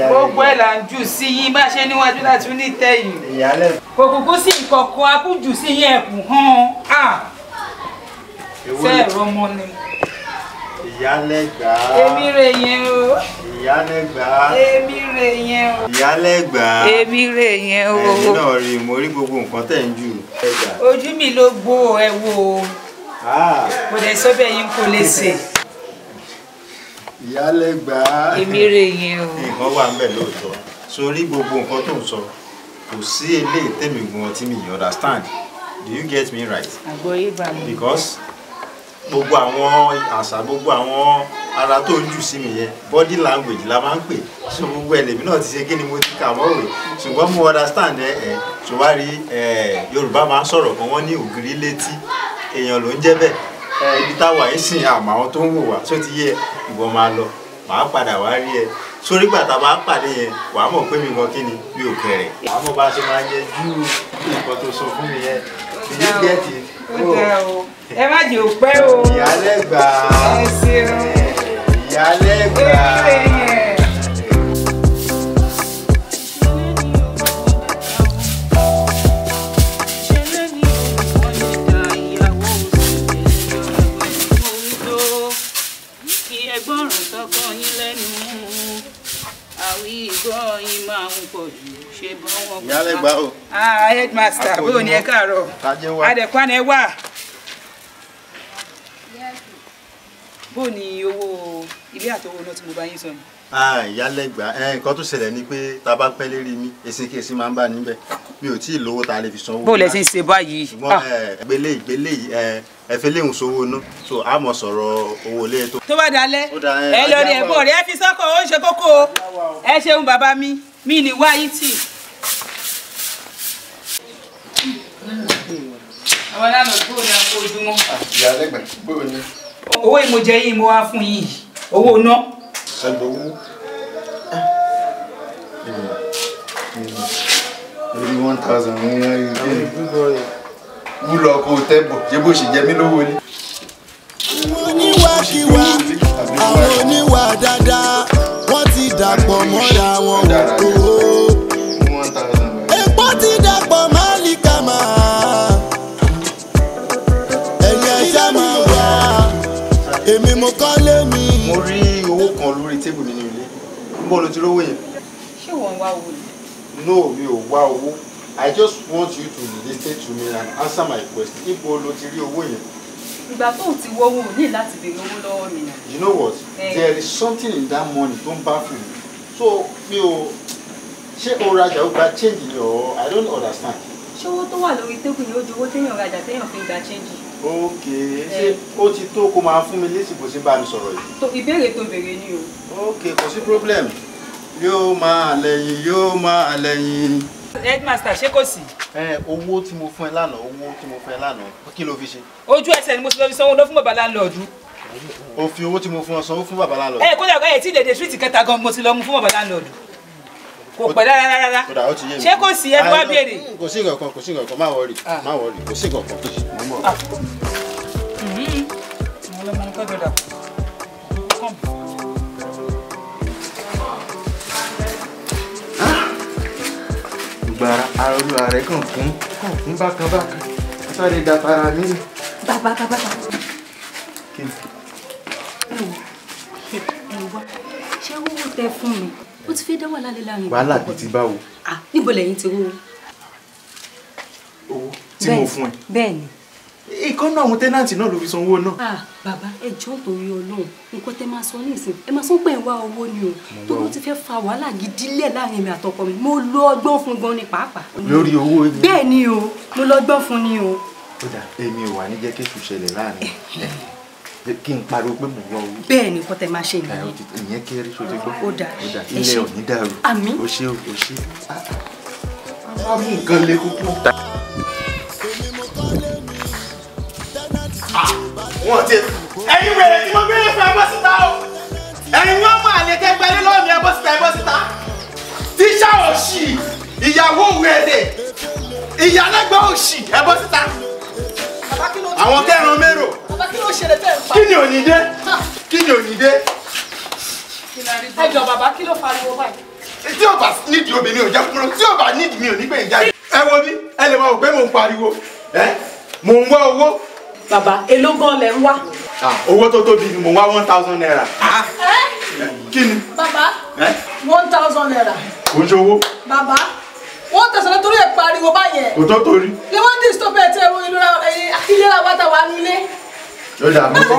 gbogbo ẹ̀ là ń jù sí yín bá ṣe níwájú láti ní tẹ̀yìn kò kúkú sí ìkọ̀kọ̀ akújù sí yín ẹ̀kùn hàn sẹ́ẹ̀rọ mọ́ ni. ìyálẹ́gbà. èmi rè yẹn o. ìyálẹ́gbà. èmi rè yẹn o. ìyálẹ́gbà. èmi rè yẹn o. ẹ̀yin náà rí mo rí gbogbo nǹkan tẹ̀ ń jù. ojú mi ló gbó ẹ wo o kò dẹ̀ sọ́bẹ̀ yín kò lè ṣe ìyálẹ́gbà ìmírè yẹn o nǹkan wà ń bẹ̀ lóòótọ́ sórí gbogbo nǹkan tó ń sọ kò sí eléyìí tèmi gan tí mi understand do you get me right because gbogbo àwọn àṣà gbogbo àwọn ara tó ń jù sí mi yẹn body language la máa ń pè so gbogbo ẹlẹ́mi náà ti ṣe kí ni mo ti kà mọ́wé ṣùgbọ́n mo understand ẹ ẹ ṣùgbọ́n rí Yorùbá máa ń sọ̀rọ̀ kan wọ́n ní ògiri létí èèyàn ló ń jẹ́ bẹ́ẹ̀ ibi táwa yìí sìn àmọ́ àwọn tó ń wò wá tó ti yẹ ìwọ máa lọ màá padà wá rí ẹ sórí gbàtà bá pàdé yẹn wàá mọ̀ pé mi gan kí ni mi ò kẹrẹ̀. wàá mọ̀ bá a ṣe máa ń yẹ ju nǹkan tó sọ fún mi yẹn èyí gẹ̀ẹ́tì. ẹ má jẹ́ òpẹ́ o. ìyálẹ̀ gbà. ẹ ṣeun. ìyálẹ̀ gbà. ìgbọ́ ìmọ̀ àwọn pọ̀ jù ṣe bọ́ wọn. ìyálẹ̀ gbà o. Ah, headmaster bó ni ẹ káàárọ̀ adẹ̀kwanẹ wà. bó ni owó ilé àtọwọ́ náà tí mo bá yín sọ ni. Ah, ìyálẹ́gbà eh, nǹkan tó ṣẹlẹ̀ ni pé tá a bá pẹ́ lérí mi èsìkèsì máa ń bà níbẹ̀ mi ò tí ì lówó tá a lè fi sanwó. bó o lẹ ti ń ṣe báyìí. ṣùgbọ́n ah. eh, gbélé gbélé eh, ẹ̀fẹ́ léhùn sówó ná so a mọ̀ sọ̀rọ̀ owó lé tó. tó bá dalẹ̀ ẹ lọ rí ẹ̀bùn rẹ̀ ẹ fi sọ́kọ̀ ó ń ṣe kókó o ẹ ṣeun bàbá mi mi ní wáyé tì. àwọn aláàmọ̀ gbóòó ni a kó ojúmọ́. ìyálẹ́gbà gbóòó owó ìmọ̀jẹ yìí mo wá fún yìí owó náà. Sandowu. Maybe one thousand one year you dey. Mú lọ kó tẹ́ bọ̀, ṣé bó ṣe jẹ mí lówó ni? Oníwàkiwà, àwọn oníwà dáadáa, wọ́n ti dàpọ̀ mọ́ra wọn. bọ́ọ̀lù ti rówó yẹn. ṣé wọ́n wá owó ni. no mi ò wá owó i just want you to listen to me and answer my question ibo lo ti rí owó yẹn. ìgbà tó ti wọ́wọ́ ò ní láti béèrè owó lọ́wọ́ mi you know what hey. Eh. there is something in that money tó ń bá fún mi so mi ò ṣé o rajà ó gba change ni or i don't understand. ṣé owó tó wà lórí tébù ni ó ju owó téèyàn rajà téèyàn fi gba change ok eh. ṣé ó ti tó kó máa fún mi lésì kò sí bá mi sọ̀rọ̀ yìí. tó ìbéèrè tó béèrè ni o. ok kò sí problem yóò máa lẹ́yìn yóò máa lẹ́yìn. headmaster ṣé kò sí. ẹ owó tí mo fún ẹ lánàá owó tí mo fún ẹ lánàá kí ló fi ṣe. ojú ẹsẹ̀ ni mo ti lọ fi sanwó lọ fún bàbá láńlọ́ọ̀dù o owó tí mo fún ọ sanwó fún bàbá láńlọ́ọ̀dù. ẹ eh, kó dàgbà yẹn eh, tí dèdè street kẹta gan mo ti lọ mú fún bàbá láńlọ́ọ̀dù kò pẹ́ rárá rárá ṣé kò sí ẹni wá béèrè. kò sí nǹkan kan kò sí nǹkan kan má wọrí ah. má wọrí kò sí nǹkan kan má wọrí. gbara arúgbó rẹ kàn fún kàn fún bákan bákan sáré da tara mi. bàbá bàbá. kí ṣé wúwo tẹ fún mi o ti fẹ́ dá wàhálà lé láàrin ìgbà wàhálà bíi ti báwo. Ah, níbo lẹ́yìn ti rówó. owó tí mo fún ẹ. bẹ́ẹ̀ ni. ìkọ́nà àwọn tẹ́nàntì náà ló fi sanwó náà. Ah, bàbá ẹ jọ̀ọ́ torí ọlọ́run nǹkan tẹ máa sọ ní ìsìn ẹ máa sọ pé ẹ wá owó ni o tó ló ti fẹ́ fa wàhálà gidi lẹ̀ láàrin mi àtọkọ mi mo lọ ọgbọ́n fún gan ni pàápàá. lórí owó yìí. bẹ́ẹ̀ ni o mo lọ ọgbọ́n fún ni o. ó èmi ò wà ní jẹ́ kéṣù ṣẹlẹ̀ láàrin eh, eh kí n pariwo pé mò ń wá owó. bẹ́ẹ̀ ni kò tẹ máa ṣe nìyẹn. ìyẹn kéré sójú gbọ́. ó dà ilé ò ní dàrú. àmín o ṣe o ṣe. a ah, ah, mú nǹkan lé kúkú. Ah, wọ́n ti ẹ̀yin wèrè tí mo gbé lè fẹ́ bọ́ o ẹ̀yin wọ́n mọ àlè tẹ́gbẹ́ lé lọ́ọ̀mì ẹ̀ bọ́ síta ẹ̀ bọ́ síta ìyàwó wèrè ìyálẹ́gbẹ́ òṣì ẹ̀ bọ́ àwọn tẹ́ran mérò bàbá kí ló ṣẹlẹ̀ tẹ́ ẹ̀ ń pa. kí ni ò ní dé kí ni ò ní dé. ẹ jọ bàbá kí ló pariwo báyìí. tí o bá nídìí obìnrin ò jẹ́ kúrò tí o bá nídìí mi ò ní gbẹ̀yìn jáde. ẹ wo bí ẹ lè máa wò pé mò ń pariwo ẹ mò ń wá owó. bàbá èló gan lẹ ń wá. owó tó tóbi ni mò ń wá one thousand naira. kí ni. bàbá one thousand naira. kò ń ṣe owó. bàbá wọ́n tẹ̀sán torí ẹ̀ pariwo báyẹn. kò tó torí. ni wọ́n dín stop ẹ̀ tẹ́ ìlera wa tá wà nílé ló dà mí sí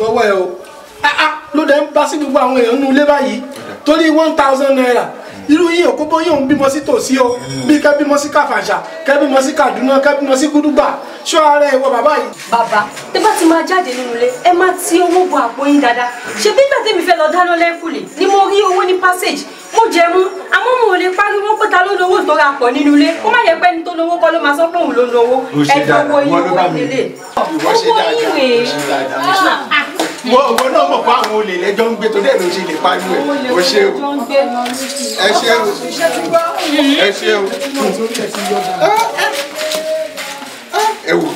o ìwọ ah, ah, dẹ̀ ń bá sí gbogbo àwọn èèyàn nínú ilé báyìí torí one thousand naira irú yìí òkú bóyá òun bímọ sí tòsí o bí kẹ́ bímọ sí kàfàṣà kẹ́ bímọ sí kàdúná kẹ́ bímọ sí gúdúgbà ṣọ́ ara ẹ̀ wọ bàbá yìí. bàbá tẹ bá ti máa jáde nínú ilé ẹ máa ti owó bọ àpò yín dáadáa ṣe bí gbàdémi fẹ́ lọ dáná lẹ́kùlé ni mo rí owó ní passage mo jẹ̀mú àmọ́ mo lè pariwo pé ta ló lówó tó ra pọ̀ nínú ilé kó má yẹ pé ẹni tó lówó kọ́ ló máa sọ pé òun ló lówó ẹjọ́ owó yín wọ́n délé owó yín rèé wọ́n wọ́n náà mọ̀ pé àwọn olè lẹ́jọ́ ń gbé torí ẹ̀ ló ṣe lè pariwo ẹ̀ o ṣe o ẹ ṣe o ẹ ṣe o ẹ wò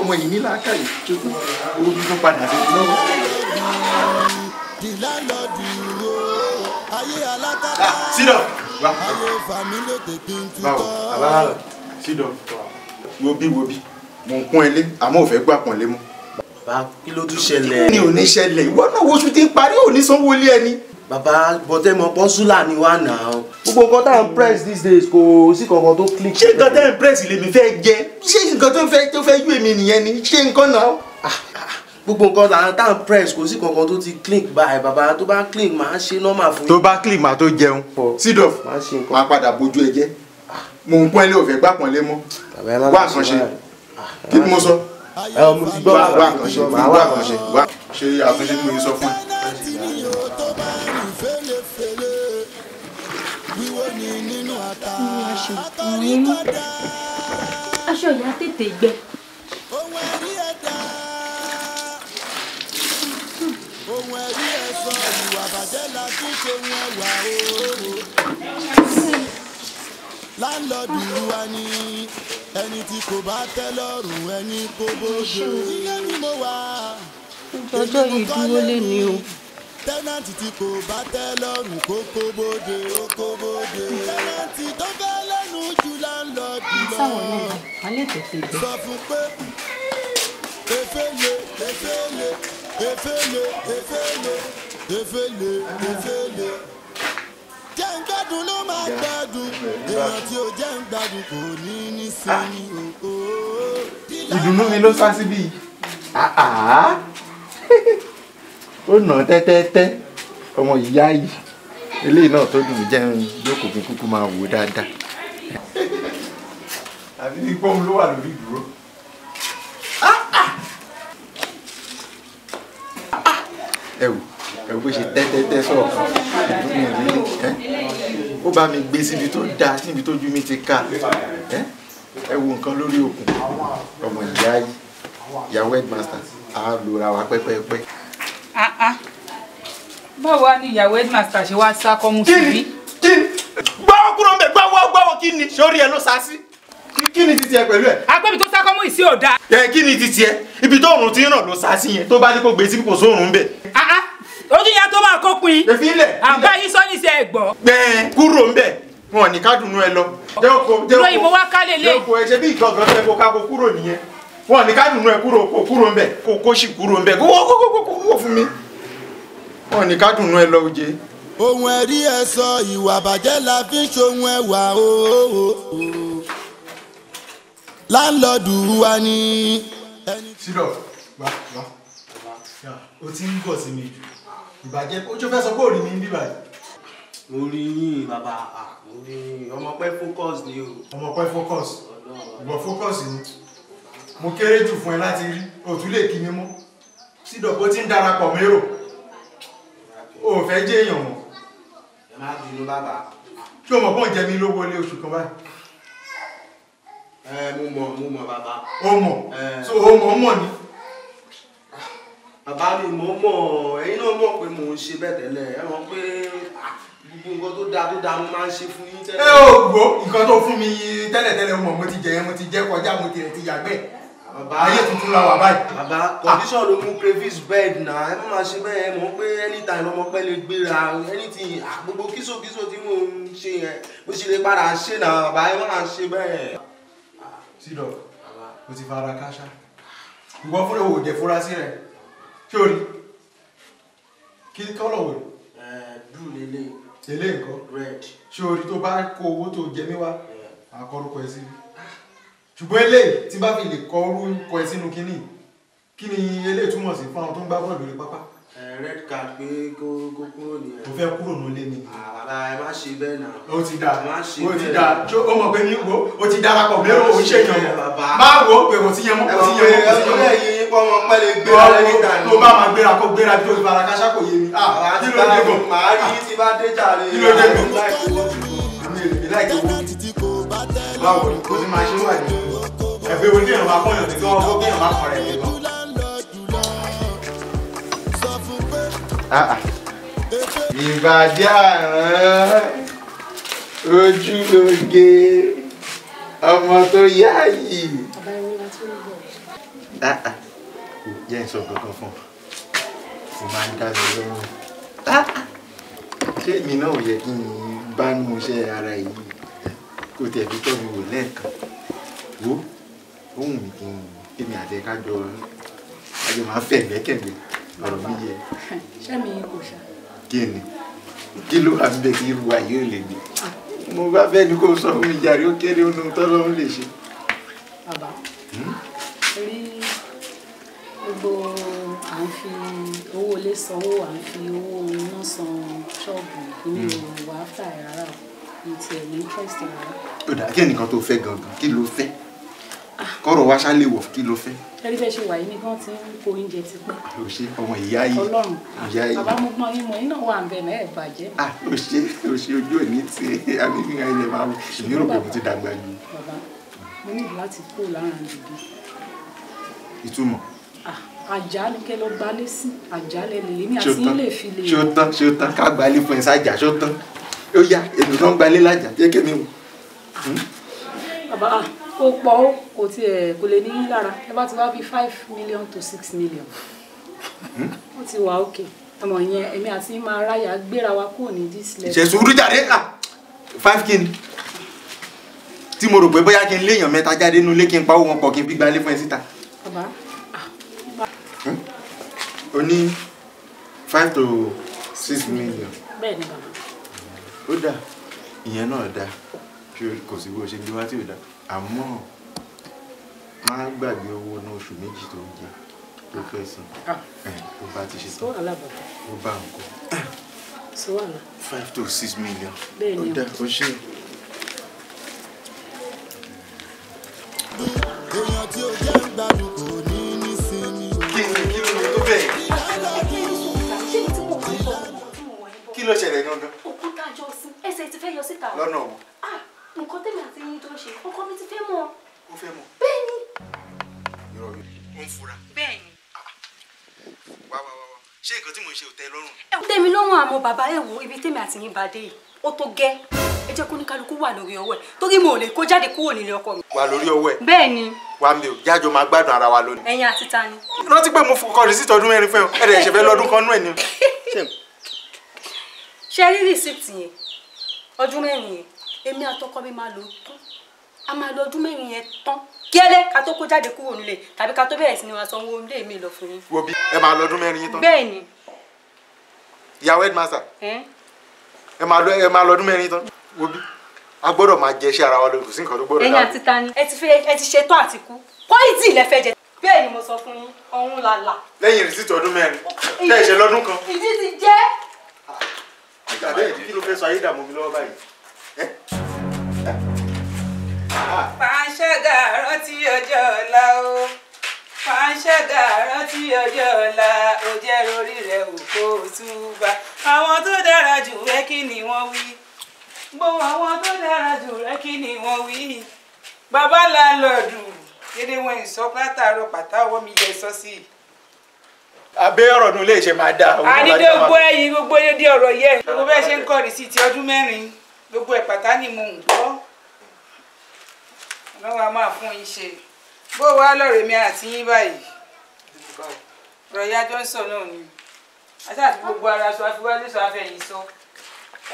ọmọ yìí ní làákàyè tó orí padà sí lọ́wọ́. Ah, sit down. báwo aláàlọ sit down. wo bí wo bí mo ń pọ́n ẹ lé àmọ́ ò fẹ́ gbà pọ́n lé mọ́. bàbá kí ló tún ṣẹlẹ̀. ní òní ṣẹlẹ̀ ìwọ náà wo oṣù tí ń parí òní sanwó ilé ẹni. bàbá bọ́tẹ́mọ pọ́sùlà ni wà náà. gbogbo nǹkan tá à ń press these days kò sí kankan tó click. ṣé nǹkan tá à ń press lèmi fẹ́ jẹ ṣé nǹkan tó fẹ́ yú èmi nìyẹn ni ṣé nǹkan náà gbogbo nǹkan là ń tàn press kò sí kankan tó ti click báyìí bàbá tó bá click máa ṣe normal fún yín. tó bá click máa tó jẹun. sídọ̀ máa padà bójú ẹ jẹ́ mo ń pọ́nlé òfẹ́ gbà pọ́nlé mọ́ wá nǹkan ṣe kí ni mo sọ. ẹ ọ mo ti gbọ́ wá nǹkan ṣe wá wá nǹkan ṣe wá ṣe àtúnṣe tí mo yín sọ fún ẹ. aṣọ ìyá tètè gbẹ. ohun ẹ̀rí ẹ̀ sọ ìwà bàjẹ́ la fi ṣohun ẹwà ooo. láńlọ́ọ̀dù wa ni ẹni tí kò bá tẹ́ lọ́rùn ẹni kò bójú. ilé ni mo wà. ìgbọ́jọ́ yìí dúró lé ní o. tẹ́nàntì tí kò bá tẹ́ lọ́rùn kó kó bóde ó kó tó fẹ́ lẹ́nu jù láńlọ́ọ̀dù lọ. sọ fún pé efele efele efele efele efele efele jẹ́ ń gbádùn ló máa gbádùn èèyàn tí ó jẹ́ ń gbádùn kò ní ní sinmi ah. ooo. Oh, oh. ìdùnnú mi ló sá síbí ah, ah. (laughs) ó nà tẹ́tẹ́tẹ́ ọmọ ìyá yìí eléyìí náà tó dùn jẹ́ ń jókòó kí kúkú máa wò dáadáa. àbí pọ́n ló wà lórí ìdúró. ẹ wò ẹ wò bó ṣe tẹ́tẹ́tẹ́ sọ̀rọ̀ mi ò ní ẹ́ ó bá mi gbé síbi tó dáa síbi tójú mi ti ká ẹ́ ẹ wo nǹkan lórí òkun ọmọ ìyá yìí ìyàwó headmaster á lo ra wa pẹ́pẹ́pẹ́. Ah, ah. báwo ni ìyàwó headmaster ṣe wá sá kọ́mú síbí. gbáwọ́ kúrò ń bẹ̀ gbáwọ́ gbáwọ́ kí ni sórí ẹ ló sá sí kí ni titi ẹ pẹ̀lú ẹ. àpẹbi tó sákọ́ mú ìsí ọ̀dà. ẹ kí ni titi ẹ ibi tó òrùn ti ń ràn ló sá sí yẹn tó bá ní kó gbé síbi kò sóòrùn bẹ. Ah, ah, ojú yẹn tó máa kó pin. èfi ilẹ̀. àbá yín sọ ní sẹ́ ẹ̀ gbọ́. gbẹ̀ẹ́ kúrò ń bẹ̀ wọn ní ká dùnú ẹ lọ. jẹ́wọ́ jẹ́wọ́ ẹ ṣe bí ìgangan fẹ́ kó káko kúrò nìyẹn wọn ní ká dùnú ẹ kúrò kó kúrò ń bẹ̀ kó kó sì kúrò ń bẹ̀ kó wọ́n kó kó kó fún mi. wọn ní ká dùnú ẹ lọ oje. ohun ẹ̀rí ẹ sọ ìwà bàjẹ́ la fi ń ṣohun ẹwà ooo láńlọ́ọ̀dù wa ni. sílọ wá wá o ti ń gọ̀ sí mi jù ìbàjẹ́ ojú fẹ́ sọ pé òrì mi ń bíbà yìí. mo rí yín bàbá mo rí yín ọmọ pẹ́ focus ni o. ọmọ pẹ́ focus ìbọn focus ni mo kéré jù fún ẹ láti rí òtún lè kí mi mọ́ sídọ̀ bó ti ń darapọ̀ mérò o ò fẹ́ jẹ́ èèyàn mọ́. ẹ má bínú bàbá. ṣé o mọ̀ pé jẹ mi lówó lé oṣù kan báyìí ẹ mo mọ mo mọ bàbá. o mọ so o mọ mọ ni. bàbá mi mo mọ ẹ̀yin náà mọ̀ pé mo ń ṣe bẹ́ẹ̀ tẹ́lẹ̀ ẹ mọ̀ pé gbogbo nǹkan tó da, tó dáa mo máa ń ṣe fún yín tẹ́lẹ̀. ẹ ò gbọ́ nǹkan tó fún mi tẹ́lẹ̀tẹ́lẹ̀ mo mọ̀ mo ti jẹ yẹn mo ti jẹ kọjá mo tiẹ̀ ti yàgbẹ́ bàbá ayé tuntun la wà báyìí. bàbá condition ló mú crevice bed na ẹ má máa ṣe bẹ́ẹ̀ mọ̀ pé anytime ọmọ pẹ́ lè gbéra anything gbogbo kísòkísò tí mò ń ṣe yẹn bó ṣe lè padà ṣe nà bàbá ẹ má máa ṣe bẹ́ẹ̀ sídọ̀ o ti fara káṣá ìwọ fúnra wò jẹ fúra sí rẹ ṣé o rí kí kọ́lọ̀ wò rí. dùn lélẹ̀. lélẹ̀ nǹkan. red. ṣé o rí tó bá kó owó tó jẹ mí wá àkọrúkọ ẹ sí mi ṣùgbọ́n eléyìí tí bá fi lè kọ orúkọ ẹ sínú kínní kí ni eléyìí túmọ̀ sí fún àwọn tó ń gbá bọ́ọ̀lù lórí pápá red card pé kó kó kúrò ní ẹ. o fẹ́ kúrò ní ilé mi. àrà ẹ má ṣe bẹ́ẹ̀ náà. o ti da o ti da o mọ̀ pé ní wo o ti darapọ̀ mẹ́rọ o ṣe yàn mọ́ má wo pé kò sí yẹn mọ́ kò sí yẹn mọ́ kò sí yẹn mọ́. ẹ̀yin yín pọ́ ọmọ pẹ́ lè gbéra lẹ́yìn ìta ni. tó bá máa gbéra kó gbéra bí o ti bára káṣá kò yé mi. Ah, àrà ti bára mi màá rí ah, ti bá dé jàre. kí ló dé tó. báwo ni kò ní máa ṣe wà ní. ẹ̀fẹ̀ wo ní ìrànwọ́ akọ́yàn Ah, ah. ìbàjẹ́ àrán ojúlóge ọmọ tó yáàyè. Ah, jẹ́ ń sọ kankan fún ọ mo máa ń dá mi lọ́wọ́ ṣé èmi náà ò yẹ kí n bá nu iṣẹ́ ara yìí kó tiẹ̀ fi tọ́ mi wò lẹ́ẹ̀kan wo ohun mi kì í èmi àti ẹ̀ka jọ ajọ máa fẹ̀ gbẹ́kẹ̀gbẹ́ ọ̀rọ̀ mi yẹ. sẹ́mi (laughs) kò ṣá. kí ni kí ló wà bẹ́ẹ̀ kí irú ayé ò lè ní. Ah. mo bá fẹ́ ni kó sọ fún mi jàre ó kéré ohun tọ́lọ́ ń lè ṣe. bàbá hmm? rí gbogbo à ń hmm. o ìtì ẹ̀ ní interest rárá. ó dà kí ẹnìkan tó fẹ́ gangan kí ló fẹ́ wá ṣálẹ̀ wọ̀ kí ló fẹ́. ẹrí bẹ́ẹ̀ ṣe wà yìí ni wọ́n ti ń kó ti pẹ́. o ṣe ọmọ ìyá yìí ọlọ́run ìyá yìí bàbá mo gbọ́n yín mọ̀ yín náà wà ń bẹ̀ náà ẹ̀ bàjẹ́. a ah, o ṣe o ṣe ojú ẹ̀ ní ti abíyá ilẹ̀ máa wù èmi rò pé mo ti dàgbà jù. bàbá mo ní láti kó láàrin dìbò. ìtumọ̀. Ah, àjálùkẹ́ lọ gbalé sí àjálẹ̀ lèlé ní àtìlẹ́ fi lè. ṣó tán ṣó tán ká gbalé fún ẹ sájà ṣó tán ó yá èmi kan gbalé lájà jẹ́ kẹ́mi wò. Hmm? bàbá ah, kó pọ̀ ó kò tiẹ̀ kò lè ní yín lára ẹ bá ti wá bí five million to six million hmm? ó ti wà òkè ọmọ yẹn èmi àti máa ráyà gbéra wa kúrò ní this level. ṣe sùúrù jáde kà five kin tí mo rò pé bóyá kí n léèyàn mẹ́ta jáde nínú ilé kí n pawó wọn pọ̀ kí n fi gba ilé fún ẹ síta. bàbá hmm? ó ní five to six million. bẹ́ẹ̀ ni bàbá. ó dà ìyẹn náà dà kò sí bó ṣe gbé wá tí ò dáa àmọ́ máa gbàgbé owó ní oṣù méjì tó ń jẹ tó fẹ́ san ah. tó bá ti ṣe tán ó bá nǹkan five to six million ó dá ó ṣe. èèyàn tí ó jẹ́ ń kò ní nísinmi. kí ni kí ni tó bẹ̀. kí ló ṣẹlẹ̀ gangan. òkúta jọ sí ẹsẹ̀ ti fẹ́ yọ síta. lọ́nà wo nǹkan tèmi àti yín tó ń ṣe ọkọ mi ti fẹ́ mọ̀. ó fẹ́ mọ̀. bẹ́ẹ̀ni. yọrọ mi ò ń fura. bẹ́ẹ̀ni. wá wá wá ṣé nǹkan tí mò ń ṣe ò tẹ́ lọ́rùn. ẹ wò tèmi lọ́rùn àmọ́ bàbá ẹ̀ wò ibi tèmi àti yín bá dé yìí ó tó gẹ́ ẹ jẹ́ kó ní kálukú wà lórí ọwọ́ ẹ̀ torí mi ò lè kó jáde kúrò nílé ọkọ mi. wà lórí ọwọ́ ẹ̀. bẹ́ẹ̀ni. wà mí o jájọ máa gbádùn ara wa lónìí. ẹ̀yin àti ta ni. rántí pé mo kọ rìsíìtì ọdún mẹ́rin fún ẹ ẹ dẹ̀ lọ́dún kan nú ẹ̀ ni. (laughs) ṣé rí rìsíìtì yẹn ọdún mẹ́rin yẹn èmi àtọkọ mi máa lò ó tán a máa lọ ọdún mẹ́rin yẹn tán gẹ́lẹ́ ká tó kó jáde kúrò nílé tàbí ká tó bẹ̀rẹ̀ sí ni wàá sanwó ilé mi lọ fún yín. wo bí ẹ máa lọ ọdún mẹ́rin yín tán. bẹ́ẹ̀ ni. ìyàwó headmaster. ẹ máa lọ ẹ máa lọ ọdún mẹ́rin yín tán. wo bí a gbọ́dọ̀ máa jẹ iṣẹ́ ara wa lórí kò tó gbọ́dọ̀ dáa. ẹ̀yin àti ta ẹ ti fẹ́ ni mo sọ fún yín ọ̀hún làlà. lẹ́yìn rìsítì ọdún mẹ́rin tẹ́ ẹ ṣe lọ́dún kan. ìdí ti jẹ́. kí ló fẹ́ sọ ayé dààmú mi lọ́wọ́ báyìí panṣágà rántí ọjọ́ ọ̀la o panṣágà rántí ọjọ́ ọ̀la ó jẹ́ orí rẹ̀ ò kó o túbà àwọn tó dára jù rẹ kí ni wọ́n wí gbogbo àwọn tó dára jù rẹ kí ni wọ́n wí bàbá làlọ́ọ̀dù dédé wọn ìsọ látàárọ̀ pàtà ọwọ́ mi yẹ sọ sí i abẹ́ ọ̀rọ̀ nu lè ṣe máa dáa. àdídé gbọ́ ẹyin gbogbo dédé ọ̀rọ̀ yẹ gbogbo bẹ́ẹ̀ ṣe ń kọ́ rìsíìtì ọdún mẹ́rin gbogbo ẹ̀ pátá ni mo ń gbọ́ ọlọ́wọ́ a máa fún yín ṣe bó wá lọ́rọ̀ mi àti yín báyìí rọ̀yà Johnson náà ni àti àti gbogbo ara sọ àfiwájú sọ àfẹ̀yìn sọ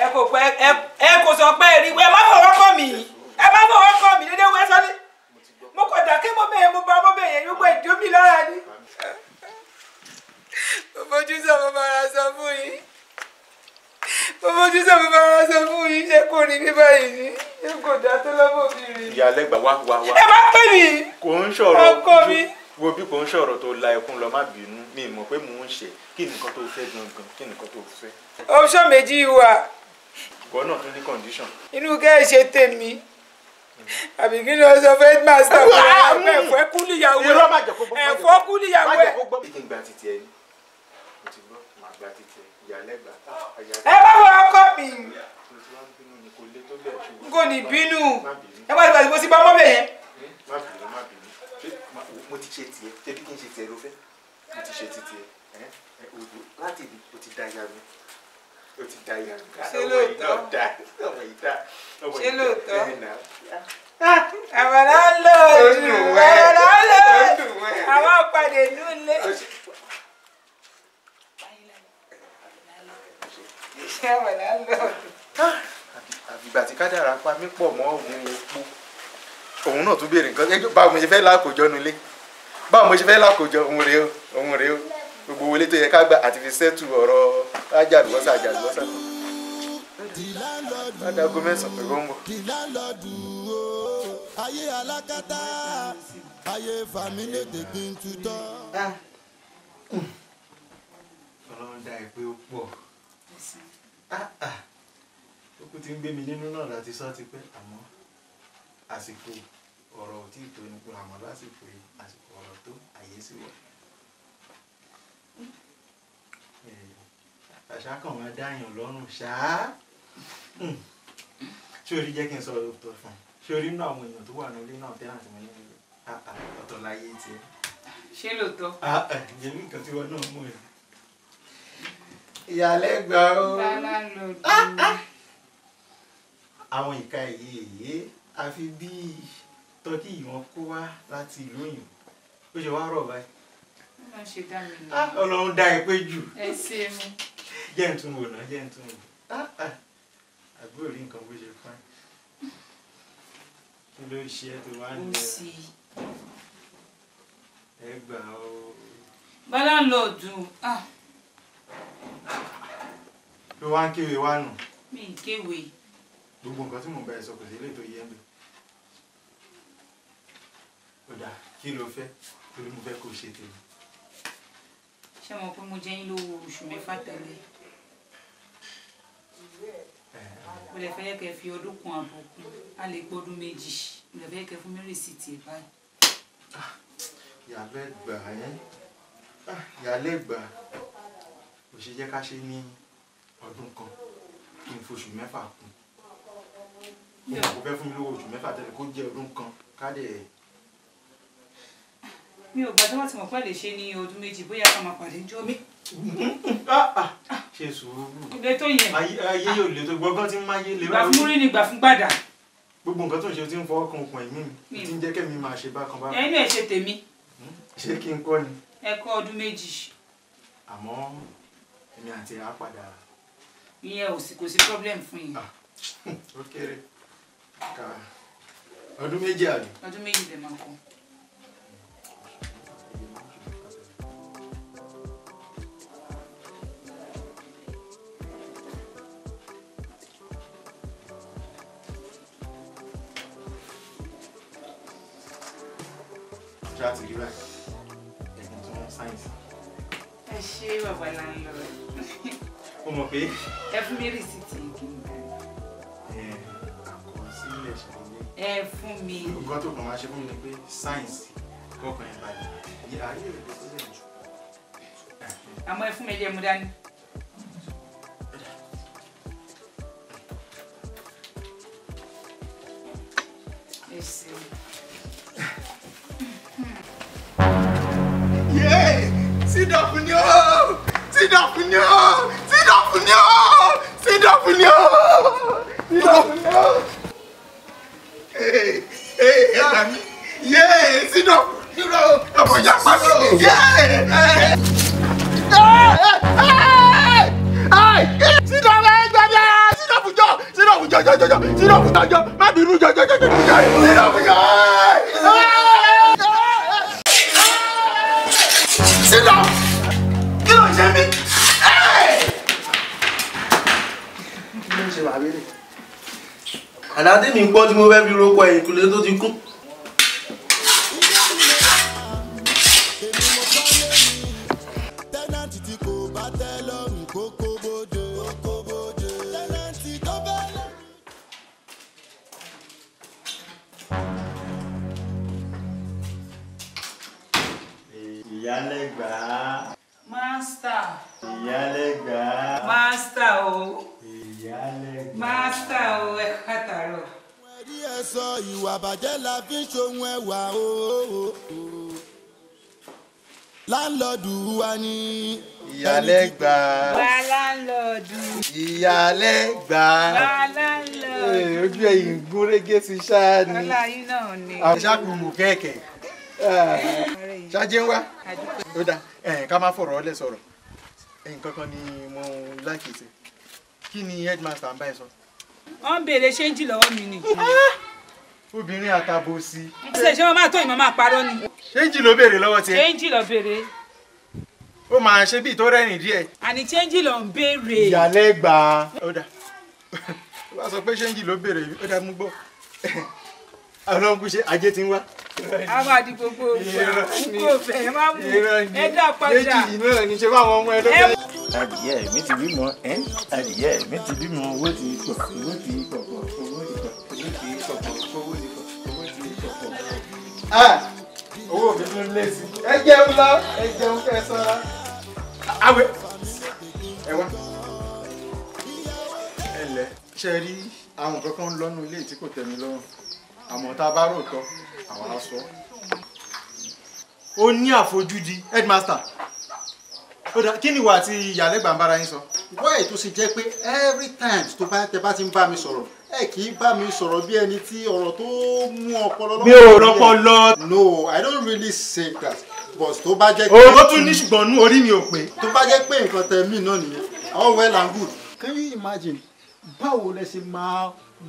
ẹ kò pẹ́ ẹ kò sọ pé rí ẹ má fọwọ́ kàn mí ẹ má fọwọ́ kàn mí dédé wẹ́ sọ́ni mo kọ̀ dákẹ́ mo bẹ̀yẹ mo bá mo bẹ̀yẹ gbogbo ìdó mi lára ni mo fojú sọ mo bára sọ fún yín. Bàbá Jísọ̀ mi bá rán sọ fún yín ṣé kò rí bí báyìí ni? Ṣé kò dá tó lọ́wọ́ mi rí? Ìyàlẹ́ gbà wá wá wá. Ẹ má pè mí. Kò ń sọ̀rọ̀ ọkọ mi. Wo bí kò ń sọ̀rọ̀ tó la ẹkún lọ má bínú mi mọ̀ pé mò ń ṣe kí nìkan tó fẹ́ gangan kí nìkan tó fẹ́. Option méjì wà. Ìwọ náà tún ní condition. Inú kẹ́ ẹ ṣe tèmi àbí kí ni o sọ fẹ́ máa sọ̀rọ̀ ẹ̀fọ́ kúlíyàwó ẹ̀fọ́ kúlíyàwó ẹ̀. Ah, ẹ bá wọ ọkọ mi n kò ní bínú ẹ bá ti gbàgbọ́ sí bá mọ́bẹ̀ yẹn. má bínú má bínú mo ti ṣe tiẹ̀ tẹbi kí n ṣe tiẹ̀ ló fẹ́ mo ti ṣe ti tiẹ̀ ẹ odò láti ibi o ti da ya mi o ti da ya mi ṣe lóòótọ́ ọmọ yìí dá ọmọ lóòótọ́ àmàlà ń lò ó àmàlà ń lò ó àwọn iṣẹ́ àwọn náà tún béèrè nǹkan ẹjọ́ báwo mo ṣe nulẹ̀ báwo mo ṣe fẹ́ lákòjọ rèé òun rèé gbogbo wọlé tó yẹ ká gbà àti fi sẹ́tù ọ̀rọ̀ ajalùbọ́sà ajalùbọ́sà adago mẹ́sàn pẹ̀lú ń ayé alákatá ayé fàmílẹ̀ tètè ń tutọ́. ọlọ́run dá ẹ pé ó pọ̀ ó ah, ah. kú ti ń gbé mi nínú náà láti sọ ti pẹ́ àmọ́ àsìkò ọ̀rọ̀ ò tí ì tó ní pé àmọ́ lásìkò àsìkò ọ̀rọ̀ tó àyè sí wọ̀ àṣà kan máa dáyàn lọ́rùn ṣáá hmm. ṣé orí jẹ́ kí n sọ òótọ́ fún un ṣé orí nínú àwọn èèyàn tó wà nílé náà tẹ́lá àti mọ́lẹ́ ah, ọ̀tọ̀ láyé tiẹ̀. ṣé lóòótọ́. Eh, yẹmí nǹkan tí wọn náà mú ẹ ìyàlẹ́ gbà ó àwọn ìka èyí àfi bíi tọ́kì ìwọ̀n kó wá láti ìlú òyìnbó ó ṣe wá rọ̀ báyìí. Ah, ọlọ́run dá ẹ pé jù. ẹ ṣe mi. jẹ́ ń tún wò náà jẹ́ ń tún wò ah, ah. àbúrò rí nǹkan bó ṣe fáìn kí ló ṣe ẹ tó wá ní ẹ gbà ó. bọ́lá ń lo òdùn ló wá ń kéwèé wá nù. mi ń kéwèé. gbogbo nǹkan tí mò ń bá ẹ sọ kò sí ilé tó yẹ mi. ó dà kí ló fẹ́ torí mo fẹ́ kó o ṣe tèmi. ṣé mo pé mo jẹ́ yín lówó oṣù mẹ́fà tẹ̀lé? mo lè fẹ́ kẹ́ fi ọdún kan àbọ̀ kún a lè gbọ́ ọdún méjì mo lè fẹ́ kẹ́ fún mi rìsíìtì ẹ̀ báyìí. Ah, ìyàlẹ́ gbà ẹ́ ah, ìyàlẹ́ gbà kò ká ṣe ní ọdún kan kí n foṣù mẹ́fà kún kò fẹ́ fún mi lówó oṣù mẹ́fà tẹ́lẹ̀ kó jẹ́ ọdún kan káde ẹ̀. mi ò gbàdúrà tí mo pẹ́ lè ṣe ní ọdún méjì bóyá ká máa pàdé jọ mi. ṣe sùúrù ayé yóò le tó gbọ́ngàn tí ń máa yé lè bá wí. gbàfúnrí ni gbàfúngbàdà. gbogbo nǹkan tó ń ṣe ti ń fọwọ́ kan okùn ẹ̀mí mi ti ń jẹ́ kẹ́mi máa ṣe bákan bákan. ẹnu ẹ̀ ṣe tèmi. Hmm? ṣé kí n kọ́ ni. ẹ kọ́ ọdún méjì. àmọ́ èmi àti ẹ̀ á padà ìyẹn ò sì kò sí problem fún ok ah, ó kéré ká ọdún méjì àlè. ọdún méjì lè máa já ti rí báyìí ẹ̀gbọ́n tó ń sáyẹ̀nsì. ẹ ṣe bàbá láńlọ́ọ̀dù. fún mi rìsíìtì ẹ fún mi. nǹkan tó kàn máa ṣe fún mi ni pé sáyẹ̀nsì kọ́kàn ẹ̀ balẹ̀ yìí ayé rẹ̀ sílẹ̀ jù. àmọ́ ẹ fún mi ẹ̀jẹ̀ mú dání. Yeah! Sit up, no! Sit up, no! fún ni ọ́ sídà fún ni ọ́ sídà fún ni ọ́ ee ee ẹ̀dá mi yéé sídà fún ni ọ́ ọ̀pọ̀ ìjà pa mí yéé. sídà rẹ̀ gbẹ̀dẹ̀ sídà fún jọ sídà fún jọ jọ jọ sídà fún jọ jọ má bínú jọ jọ jọ jọ sídà fún jọ. àbẹ̀rẹ̀ àdá tèmi ń gbọ́ tí mo fẹ́ fi roko ẹ̀yìn kùlé tó ti kún. ìyálẹ́gbàá. mástà. ìyálẹ́gbàá. mástà o mástà o ẹ kàtàrọ. ẹ̀rí ẹ sọ ìwà bàjẹ́ la fi ń ṣohun ẹwà o láńlọ́ọ̀dù wa ni. ìyálẹ̀ gbà. bá láńlọ́ọ̀dù. ìyálẹ̀ gbà. bá láńlọ́ọ̀dù. Eh, ojú ẹ̀yìn gún régé sí ni. ọlá yín náà ni. Ah. ṣáàpù mú kẹ̀kẹ́. Eh. ṣáájú ń wá. ó dáa eh, ká má fọ̀rọ̀ ọ́lẹ̀ sọ̀rọ̀ nǹkan kan ni mo lákìsí kí ni headmaster ń bá ẹ sọ. wọ́n ń béèrè ṣéńjì lọ́wọ́ mi ni. obìnrin àtàbò sí. ṣe ṣé wọn máa tó ìmọ̀ máa parọ́ ni. ṣéńjì ló béèrè lọ́wọ́ tiẹ̀. ṣéńjì ló béèrè. ó máa ṣe bíi tó rẹ́rìn díẹ̀. àní ṣéńjì ló ń béèrè. ìyàlẹ́ gbà á. ó dà ó bá sọ pé ṣéńjì ló béèrè ó dà mú gbọ́ ọlọ́run kú ṣe ajé ti ń wá. a máa di gbogbo ògbà kò fẹ́ máa mú ẹ dá padà. méjì yìí náà ní ṣe báwọn ọmọ ẹ ló adìyẹ mi ti bímọ ẹ adìyẹ mi ti bímọ owó ti pọ̀ owó ti pọ̀ pọ̀ owó ti pọ̀ owó ti pọ̀ pọ̀ owó ti pọ̀ owó ti pọ̀ pọ̀. Ah, a owó mi ló lé sí ẹ jẹun lọ ẹ jẹun kẹ sọra awẹ ẹ wá ẹ lẹ ṣe rí àwọn kankan lọ́nu ilé tí kò tẹ́ mi àmọ́ tá a bá rò tọ́ àwọn aṣọ. ó ní àfojúdi headmaster kí ni wà àti ìyàlẹ́gbà ń bára yín sọ. wáyé tó sì jẹ́ pé every time tó bá tẹ bá ti ń bá mi sọ̀rọ̀ ẹ kì í bá mi sọ̀rọ̀ bí ẹni tí ọ̀rọ̀ tó mú ọpọlọ lọ́wọ́. mi ò rọpọlọ. no i don't really say that but tó bá jẹ́ pé. o tún ní ṣùgbọ́n nú orí mi ò pé. tó bá jẹ́ pé nǹkan tẹ̀ mí náà nìyẹn all well and good. can you imagine báwo lẹ ṣe máa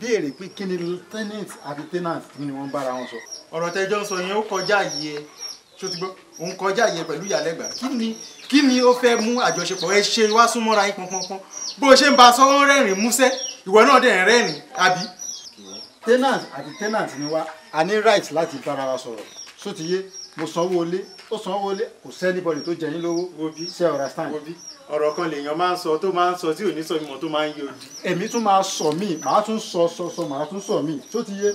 béèrè pé kí ni tenant àti tenant ni wọ́n bára wọn sọ. ọ̀rọ̀ tẹ́jọ́ sọ yẹn ó kọjá yìí ẹ sotigbọ́ òun kọjá yẹ pẹ̀lú ìyàlẹ́gbà kí ni kí ni ó fẹ́ mú àjọṣepọ̀ ẹ ṣe wá súnmọ́ra yín pọnpọnpọn bó o ṣe ń ba sọ́wọ́n rẹ́rìn músẹ́ ìwọ náà dẹ̀ rẹ́rìn àbí. tenant àti tenant ni wá a ní right láti bára wa sọ̀rọ̀ sotiye mo sanwó olé ó sanwó olé kò sẹ́nibọ̀dì tó jẹ yín lówó ṣe ọ̀rá stand ọ̀rọ̀ kan lèèyàn máa ń sọ tó máa ń sọ tí ò ní sọ ìmọ̀ tó máa ń yọ di. èmi tún máa sọ míì màá tún sọ sọ sọ màá tún sọ míì tó ti yé.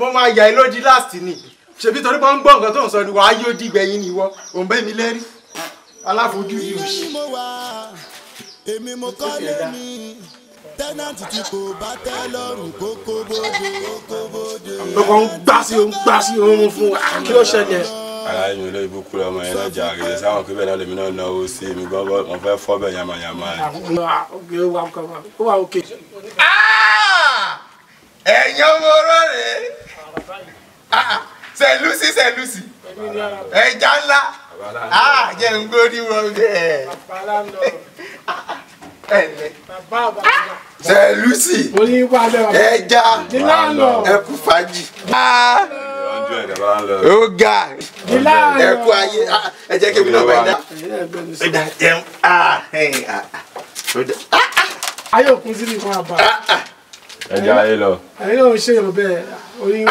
mo máa yà ẹ lódì last ni ṣèbí torí pé ń gbọ́ nǹkan tó ń sọ ni wàá yóò dìgbẹ́ yín ni ìwọ òun bẹ́ẹ̀ mi lẹ́rí aláfojú yìí ò ṣe. èmi mo kọ́ lé tẹ́nàtì tí kò bá tẹ́ lọ́rùn kókó bóde kókó bóde. ọkọ̀ ń gbá sí òun gbá sí òun fún wa ah, kí ló ṣẹlẹ̀ ara yín olóyè ibú kúrò ọmọ yẹn lọ́jà àgbẹ̀ sáwọn pípẹ́ náà lèmi náà náwó sí mi gbọ́ wọn fẹ́ fọ́ bẹ́ẹ̀ yamayama. ẹ̀yin ọmọ ọ̀rọ̀ rẹ̀. Ah, Lucy, Lucy. Ah, sẹlúsì sẹlúsì ẹja ńlá a ah, jẹ ń gbórí wọn bẹ́ẹ̀ ẹlẹ sẹlúsì ẹja ẹkú Ah. oga ẹkú ayé ẹ jẹ́ kí mi náà bá ẹ dá ẹ dá jẹun Ah, eh, ah, ah òkun ah. ni wọn bá ẹja ayé lọ ẹyin náà ń ṣe ìrọbẹ oyin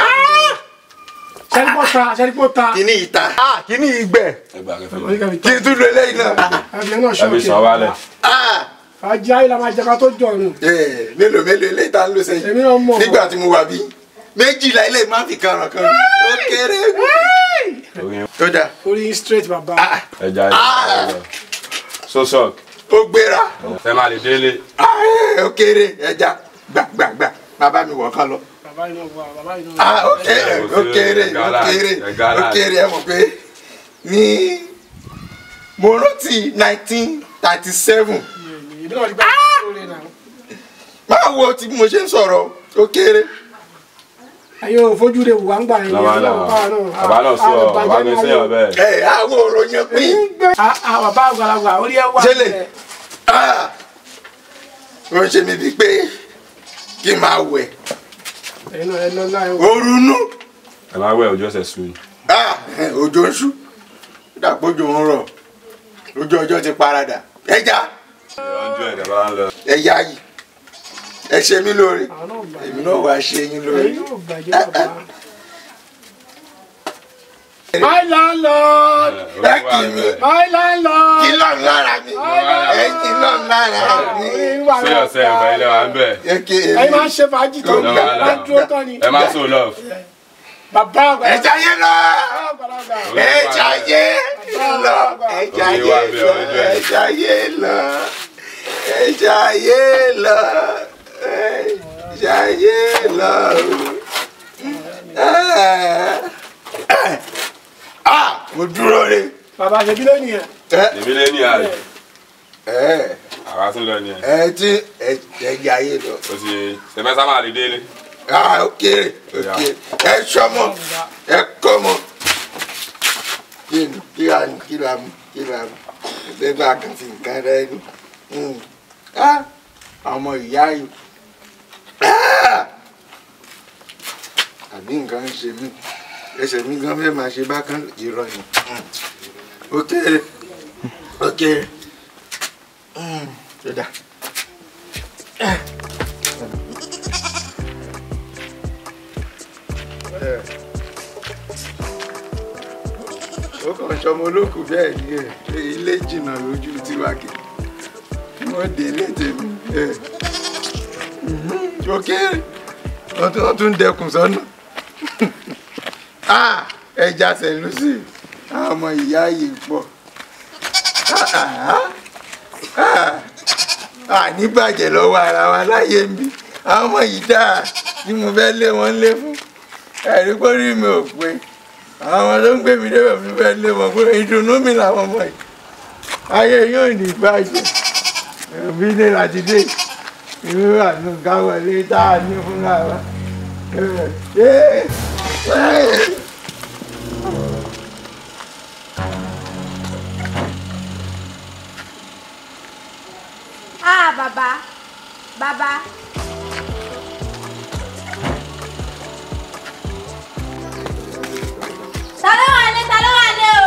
sẹ́rípọ̀ ta sẹ́rípọ̀ ta. kìíní ìta kìíní ìgbẹ́ kìíní tún lu eléyìí náà. àbíyẹn náà ṣọ́ọ̀kì àbí sọ wálẹ̀. ajá yìí la máa jẹ ká tó jọ nù. mélòó mélòó eléyìí tá ń lò sẹ́yìn nígbà tí mo wà bí méjìlá eléyìí máa fi karùn kan ó kéré. tó dáa. orí straight bàbá. ẹja yìí so shock. ó gbéra. ẹ máa lè délé. ó kéré ẹja gbàgbàgbà bàbá mi wọ̀ ká lọ. Ah, òkèèrè òkèèrè òkèèrè ẹ mọ̀ pé ní mo rántí nineteen thirty seven máa wo ti bí mo ṣe ń sọ̀rọ̀ òkèèrè ayé o fojú de wà ń gbà yín yẹn lọ́wọ́ bá náà bàbá náà sọ bàbá mi sí ọbẹ. ẹ àwọn òròyìn pín. bàbá àgbàlagbà orí ẹ wà. jẹlẹ ah, ó ń ṣe mi bíi pé kí n máa wẹ̀ orunú. ẹ bá wẹ ojú ọ̀sẹ̀ sùn. òjò ń ṣú dàpọ̀jù ń rọ̀ lójú ọjọ́ ti paradà ẹja ẹja yìí ẹ ṣe mí lóore èmi náà wàá ṣe yín lóore my landlord ẹ kì mí my landlord kí lọ́n lára mi ẹ kì lọ́n lára mi. ṣé ọ̀sẹ̀ ẹ̀fà ilé wa ń bẹ̀. ẹ máa ń ṣe fàájì tó ń bẹ̀ máa ń dúró tán ni. ẹ máa so love. bàbá àgbà ẹ jayé lọ ẹ jayé lọ ẹ jayé lọ ẹ jayé lọ ẹ jayé lọ ẹ jayé lọ mo dúró ni. bàbá ṣebí lé nìyẹn. ṣebí lé nìyẹn rẹ. ẹ àwa tún lọ nìyẹn. ẹ ti ẹ jẹ ayé lọ. o ti sẹmẹsà máa lè délé. ah òkèèrè òkèèrè ẹ sọmọ ẹ kọmọ kí ni kí la ni kí la mu kí la mu ẹgbẹ́ bá a kàn sí nǹkan rẹ ni hmm. ọmọ ìyá yìí àbí nǹkan ń ṣe mí ẹsẹ̀ mi gan fẹ́ máa ṣe bákan ìrọ̀ ni hmm. ok ok ṣẹ̀dá. Hmm. ó kàn ṣọmọ olókù bẹ́ẹ̀ ni ẹ̀ ilé jìnnà lójú tiwa kì wọ́n dé ilé tèmi ẹ̀ ó kéré wọ́n tún dẹkùn sọ́nà. (laughs) ẹja sẹ̀lúsì àmọ́ ìyá yìí pọ̀ àní bàjẹ́ lọ́wọ́ ara wa láyé ń bí àmọ́ ìdá tí mo fẹ́ lé wọn lé fún ẹ̀rí pé rí mi ò pé àwọn tó ń gbé mi débẹ̀ mi fẹ́ lé wọn pé ìdùnnú mi làwọn ọmọ yìí ayé yóò ní bàjẹ́ èmi ní láti dé ìlú àánú káwọlé tá a ní fúnra wa. bàbá. ta ló wà lé ta ló wà lé o.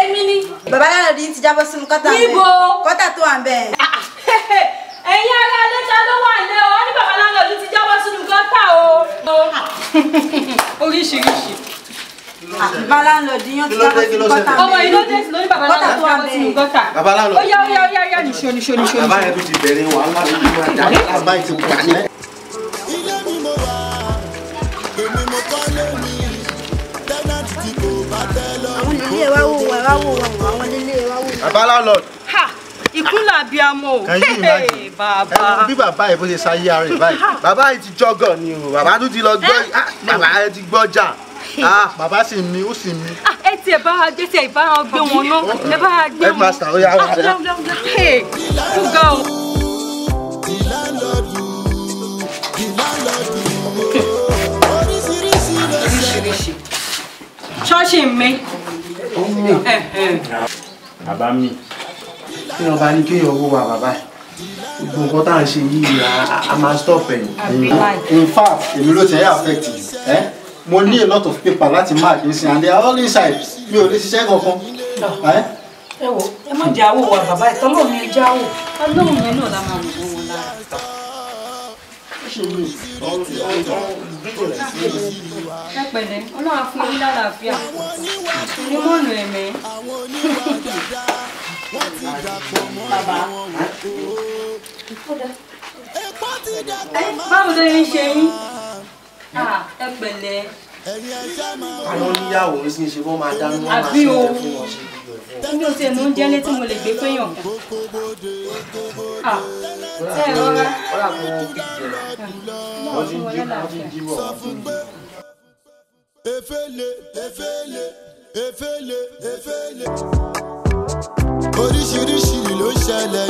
èmi ni. bàbá lálẹ́ di ti jábọ́ sínú kọ́tà ń bẹ̀. níbo. kọ́tà tó wà ń bẹ̀. Ah, ah, ẹ̀yin ará ilé ta ló wà lé o Ah, balanlọ́ọ̀dì yan ti dáná sí gọ́tà mi. ọmọ ìlọ́dẹ sì lórí bàbá náà tó wà sínú gọ́tà. bàbá lánàá. ó yá ó yá ó yá ó yá nìṣó nìṣó nìṣó. bàbá yẹn tó ti bẹ̀rẹ̀ wàhálà lórí wa dáná bàbá yẹn ti mo wà èmi mo kọ́ lómi tẹ́nàtì tí kò bá tẹ́ lọ́wọ́. àwọn ilé wa wò wá wò wá àwọn ilé wa ìkúnlẹ̀ abiyamọ o. kẹyìn bàbá bí bàbá yìí bó ṣe ṣayé ara rẹ̀ báyìí bàbá yìí ti jọgàn ni o bàbá tó ti lọ gbọ́ ah, bàbá yẹn ti gbọ́ (laughs) ah bàbá sì mi ó sì mi. Ah, ẹ ti ẹ bá wa gbé tí ẹ bá wa gbé wọn náà ẹ bá wa gbé wọn. ẹ máa sàn ó yà wá. kúgà ah, o. oríṣiríṣi ṣọ́ọ̀ṣì mi. Eh, eh. bàbá mi kí wọn bá ní kéèyàn owó wa bàbá gbogbo nǹkan tá à ń ṣe yìí ni máa stop ẹ̀. in fact èmi ló ti ẹ́ affect yìí mo ní a lot of paper láti mark nsìn and they are all inside mi ò lè ṣiṣẹ́ kankan. Ah. Eh? ẹ wo ẹ má jẹ àwò wa bàbá ẹ tọ́lọ́ mi ẹ jẹ àwò ọlọ́run yẹn náà la máa mú wọn lára. ẹ pẹ̀lẹ́ ọlọ́run á fún yín lálàáfíà onímọ̀nà ẹ̀mẹ́. bàbá báwo ló ń ṣe yín. Ah, ah, ẹ àwọn oníyàwó ń sìn ṣe wọ́n máa dáná wọn máa ṣe ìjẹ fún wọn mi ò tiẹ̀ mú oúnjẹ létí mo lè gbé péyàn kan. Ah, ẹ rọra. wọ́n ti ń jí wọ́n ti ń jí wọ́n efele efele efele efele oríṣiríṣi ló ṣẹlẹ̀